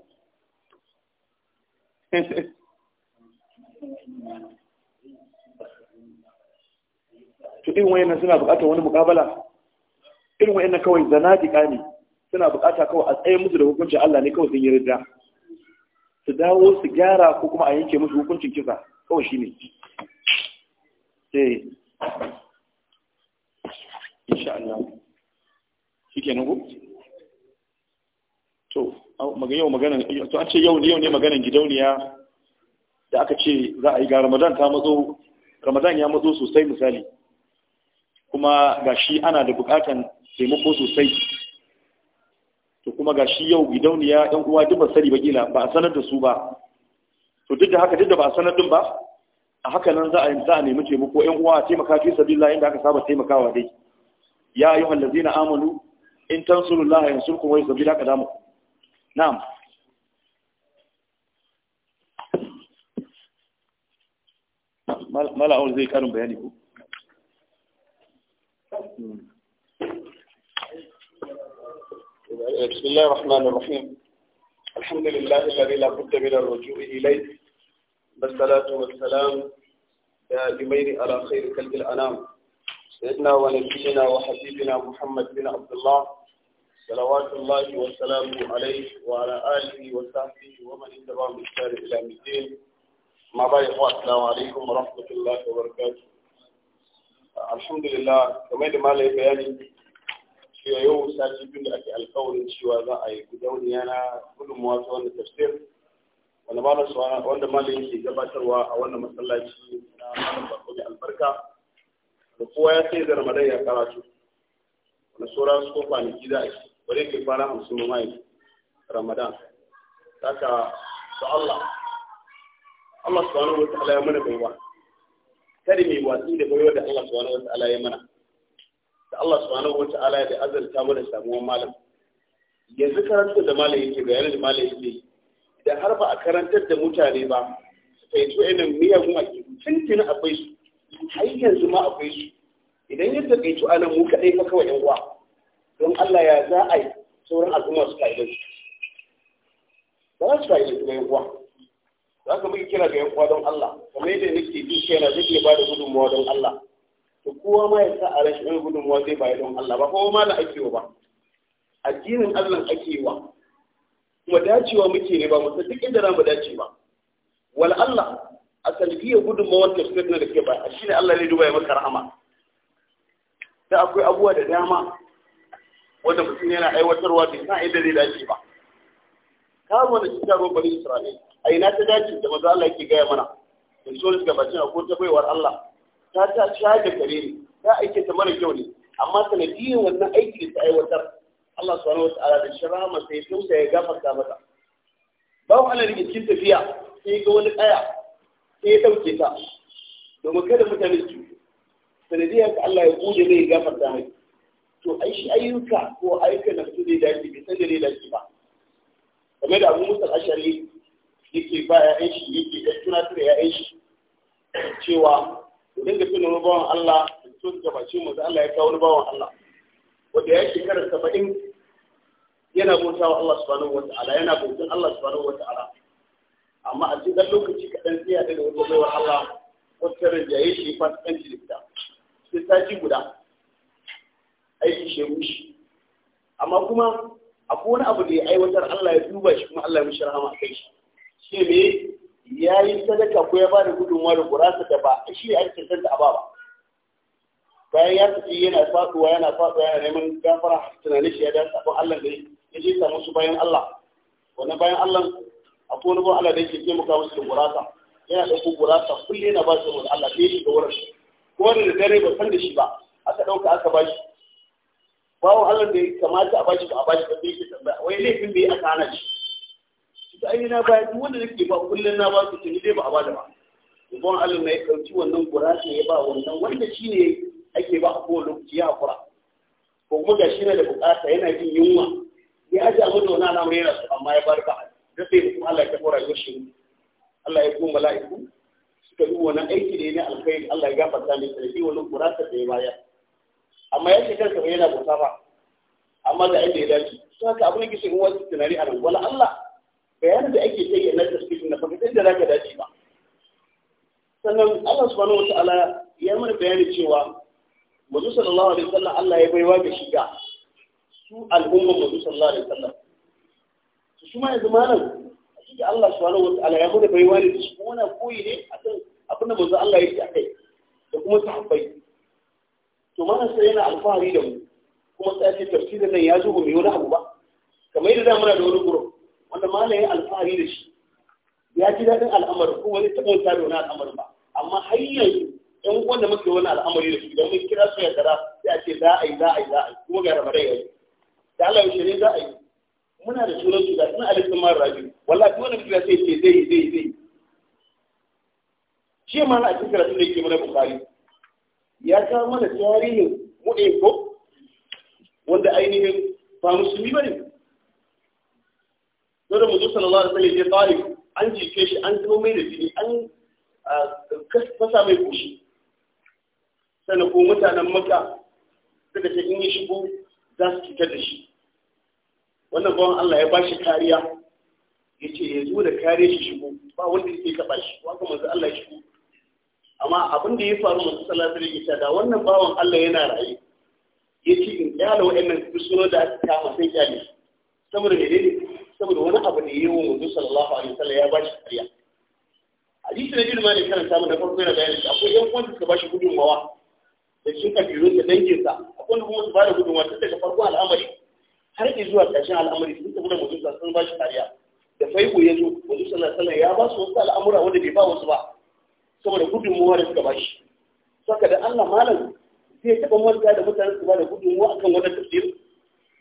to irin wayannan suna bukatar wani mukabala irin wa'annan kawai zanadika ne suna bukata kawai a tsaye musu da hukuncin Allah ne kawai sun yi rida su dawo su gyara ko kuma a yanke musu hukuncin kisa kawai shi ne sai eh. insha Allah shi ke nugu? to yau maganan to an ce yau ne maganan gidauniya da aka ce za a yi ga ramadan ta matso ramadan ya matso sosai misali kuma ga shi ana da bukatan taimako sosai to kuma ga shi yau gidauniya ɗan uwa duk ba sani ba ba a sanar da su ba to duk da haka duk da ba a sanar din ba a haka nan za a za a nemi taimako ɗan uwa a taimaka fi sabila, inda aka saba taimakawa dai ya yi hallazi na amalu in tansurullah wai wa yusabbil damu na'am mala'ul zai karin bayani ko بسم الله الرحمن الرحيم الحمد لله الذي لا بد من الرجوع إليه بالصلاة والسلام دائمين على خير كلب الأنام سيدنا ونبينا وحبيبنا محمد بن عبد الله صلوات الله وسلامه عليه وعلى آله وصحبه ومن من بإحسان إلى الدين ما بعد السلام عليكم ورحمة الله وبركاته الحمد لله كما يدمع لي بياني cewa yau sati biyu da ake alkawarin cewa za a yi gudauniya na gudun ta wanda tafsir wanda malam suwana wanda da yake gabatarwa a wannan masallaci na malam bako mai albarka da kowa ya sai da ramadan ya karatu wanda sauran su ko kwanaki za a yi bare ke fara hamsin ma yi ramadan haka su Allah Allah su wani wata alayyar mana baiwa kada mai watsi da baiwa da Allah su wani wata alayyar mana Allah subhanahu wata'ala da azurta mu da samuwan malam yanzu karantar da malam yake bayanin da malam yake da har ba a karantar da mutane ba su fahimci miya miyagun akidu tuntuni akwai su har yanzu ma akwai su idan yadda kai to anan mu kadai fa kawai yan uwa don Allah ya za a yi sauran al'umma su kai su ba za su fa'ida su yan uwa za ka mu kira ga yan uwa don Allah kamar yadda nake ji kaina zai ba da gudunmawa don Allah to kowa ma ya sa a rashin yin gudunmuwa zai bayi don Allah ba kowa ma da ake wa ba addinin Allah ake wa kuma dacewa muke ne ba mu duk inda za mu dace ba wal Allah a salfiyar gudunmawar tafsir na da ke ba shi ne Allah ne duba ya maka rahama da akwai abubuwa da dama wanda mutum yana aiwatarwa bai san inda zai dace ba kawo wanda shi taro bari Isra'il a ina ta dace da maza Allah yake gaya mana in so ne gabacin akwai ta baiwar Allah ta ta shayar da kare ne ta aike ta mara kyau ne amma sanadiyyar wannan aiki da ta aiwatar Allah subhanahu wa ta'ala da shirama sai tausa ya gafarta mata babu ana cikin tafiya sai ga wani kaya sai ya dauke ta domin kada mutane su sanadiyyar ka Allah ya gode ne ya gafarta mai to ai shi ayyuka ko ayyukan da su da shi, bai san da shi dace ba game da abu musul ashari yake ba ya'yan shi yake ɗan tunatar ya'yan shi cewa ku dinga fi wani bawan Allah da so su gabace mu da Allah ya kawo wani bawan Allah wanda ya shekara saba'in yana bauta wa Allah subhanahu wa ta'ala yana bautan Allah subhanahu wa ta'ala amma a cikin lokaci kaɗan sai ya daga wata baiwar Allah wata rinjaye shi fasikanci da fita sai sati guda aiki shegu shi amma kuma akwai wani abu da ya aiwatar Allah ya duba shi kuma Allah ya mishi rahama kai shi shi ne ya yi sadaka ko ya ba da gudunmuwa da gurasa da ba shi ya yi cancan a ba ba bayan ya tafi yana faduwa yana faduwa yana neman gafara tunanin shi ya da sabon Allah da ya je samu su bayan Allah wannan bayan Allah kone wani Allah da yake muka musu da gurasa yana ɗauko gurasa kulle yana ba su wani Allah sai shi da wurin ko da dare ba san da shi ba aka ɗauka aka ba shi bawon Allah da ya kamata a ba shi ba a ba shi ba sai yake tambaya wai laifin bai aka hana shi da ai na baya duk wanda nake ba kullun na ba su tuni dai ba a bada ba ubon Allah ne ya dauki wannan gurasa ya ba wannan wanda shine ake ba a kowane lokaci ya kura ko kuma shi na da bukata yana jin yunwa ya aje a mutu wannan al'amari yana so amma ya bar ba da sai kuma Allah ya tafi rayuwar shi Allah ya kuma mala'iku suka yi wannan aiki da yana alkhairi Allah ya gafarta mai sarki wannan gurasa da ya bayar amma ya ce kanka bai yana bukata ba amma da inda ya dace saka abin da ke shi ruwan tunani a nan wala Allah bayanin da ake tayyana na tafsirin na fahimtar da zaka dace ba sannan Allah subhanahu wataala ya mana bayani cewa manzo sallallahu alaihi wasallam Allah ya baiwa ga shiga su al'umma manzo sallallahu alaihi wasallam su shi ma yanzu malam shi Allah subhanahu wataala ya mana baiwa ne shi kuma wannan koyi ne akan abin da manzo Allah ya yake akai da kuma sahabbai to mana sai yana alfahari da mu kuma sai ce tafsirin nan ya zo ba mu yi wani abu ba kamar yadda muna da wani gurup wanda mala ya alfahari da shi ya ji daɗin al'amarin ko wani taɓa wata da wani al'amarin ba amma har yanzu ɗan uwan da muke wani al'amari da su idan mun kira su ya kaza sai a ce za a yi za a yi za a yi kuma ga rabar yi da Allah ya shirye za a yi muna da sunan su da suna alifin mara rabi wallahi duk wanda kira sai ce zai zai zai shi ma na a cikin karatu da yake mana bukari ya kawo mana tarihin mu ko wanda ainihin ba musulmi bane dole da mutu sanarwa da wasallam ya tsari an jike shi an zama mai da jini an fasa mai koshi sannan ko mutanen maka suka ce in yi shigo za su cika da shi wannan bawan Allah ya ba shi kariya ya ce ya zo da kariya shi shigo ba wanda ya taɓa shi waka manzo Allah ya shigo amma abin da ya faru masu salatar ya wasallam da wannan bawan Allah yana raye ya ce in kyala wa'annan fisuno da aka kama sai kyale saboda menene saboda wani abu da yawon wa sallallahu alaihi wasallam ya bashi kariya hadisi na jirma ne kan samun da farko yana bayani akwai yan uwan suka bashi gudunmawa da ka kabilun da dangin sa akwai kuma su bada gudunmawa tun daga farko al'amari har zuwa ƙarshen al'amari sun tafi da manzo sun ba bashi kariya da faiko ya zo manzo sallallahu alaihi ya ba su wasu al'amura wanda bai ba wasu ba saboda gudunmawa da suka bashi saka da Allah malam zai taɓa manta da mutane su ba da gudunmawa akan wannan tafsirin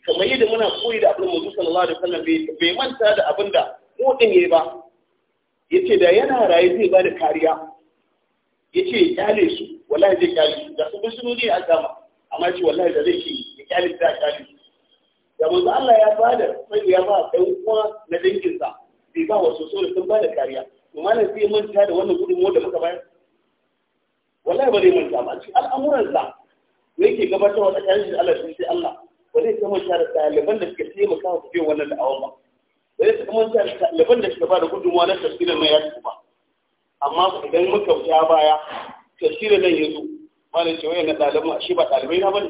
kamar yadda muna koyi da abin manzo sallallahu alaihi wasallam bai manta da abin da mu din yayi ba yace da yana raye zai ba da kariya yace kyale su wallahi zai kyale su da su bisu ne a gama amma shi wallahi da zai ki ya kyale da kyale su da manzo Allah ya ba da sai ya ba dan uwa na dangin sa bai ba wasu so sun ba da kariya to nan zai manta da wannan gudunmuwar da muka bayar wallahi ba zai manta ba al'amuran sa ke gabatarwa tsakanin shi da Allah sai Allah ba tsara kamanta da ɗaliban da suka taimaka su biyan wannan da'awar ba ba zai kamanta da ɗaliban da suka ba da gudunmawa na tafsirin mai yasu ba amma idan muka ya baya tafsirin nan ya zo malam ce wayan ɗaliban shi ba ɗalibai na bane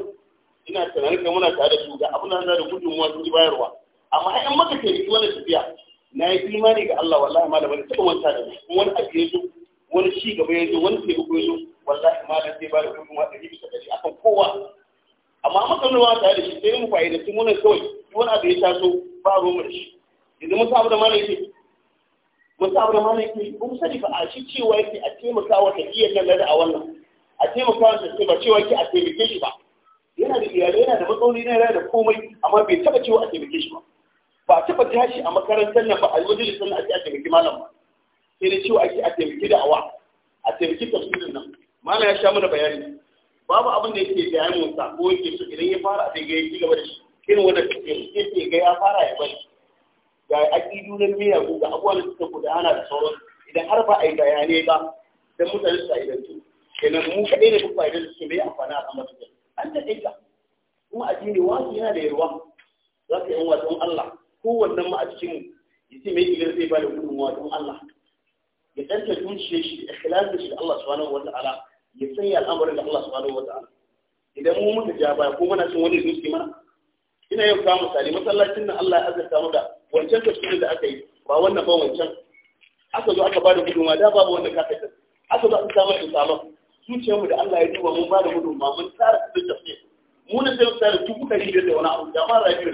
ina tunanin kai muna tare da su ga abin da da gudunmawa sun ji bayarwa amma ai in muka taimaki wannan tafiya na yi imani ga Allah wallahi malam ne taɓa wanta da ni wani abu ya zo wani ci gaba ya zo wani taimako ya zo wallahi malam sai ba da gudunmawa ɗari bisa ɗari akan kowa amma matsalar nuna tare da shi sai mu fa'ida tun wannan kawai wani abu ya taso ba a mu da shi yanzu mun samu da malaki mun samu da malaki kuma sani ba a shi cewa yake a taimaka wa tafiyar nan da a wannan a taimaka wa tafiyar ba cewa yake a taimake shi ba yana da iyalai yana da matsaloli yana da komai amma bai taba cewa a taimake shi ba ba a taba tashi a makarantar nan ba a yi wajen sannan a ce a taimaki malam ba sai dai cewa ake a taimaki da'awa a taimaki tafsirin nan malam ya sha mana bayani babu abin da yake da yamin sa ko yake so idan ya fara sai ga ya ci gaba da shi irin wanda ce ga ya fara ya bari ga aƙidu na ko ga abubuwan da suka gudana da sauran idan har ba a yi bayanai ba dan mutane su idan su kenan mu kaɗai ne kuma idan su mai amfani a kan su an ta ɗinka kuma addini wasu yana da yarwa za ka yi wasan Allah ko ma a cikin ya ce mai gidan zai ba da gudunmawa don Allah ya tsanta zuciyar shi da ikhlasin shi da Allah subhanahu wa ta'ala ya sanya al'amarin da Allah subhanahu wa ta'ala idan mu muka ja baya ko muna cin wani zuci mana ina yin kawo misali masallacin nan Allah ya azurta mu da wancan tafsirin da aka yi ba wannan ba wancan aka aka bada gudunma da babu wanda ka kai aka zo da sabon zuciyarmu da Allah ya duba mun bada gudunma mun tsara duk tafsir mu na sai tsara dubu ɗari biyar da wani abu da ma rabiyo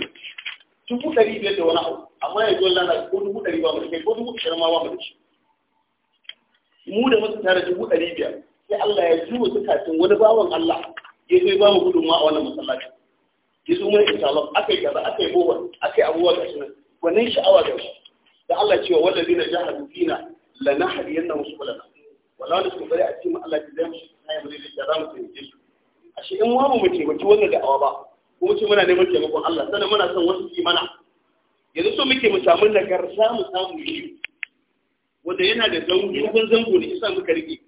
dubu ɗari biyar da wani ya ko dubu ɗari ba da ko dubu ɗari ma da shi mu da dubu sai Allah ya juwa zukatun wani bawan Allah ya zai ba mu gudunma a wannan masallaci ya zo mai inshallah aka yi akai aka yi abubuwa gashi nan wannan sha'awa da shi da Allah cewa wallazi na jahadu fina lanahdiyannahum subulana wala nasu bari a cikin Allah ya zai mu shi sai mu ne da za mu taimake su ashe in wa mu taimaki wannan awa ba kuma ce muna neman taimakon Allah sannan muna son wasu su mana yanzu so muke mu samu nagarta mu samu yi wanda yana da zango zango ne isa muka rike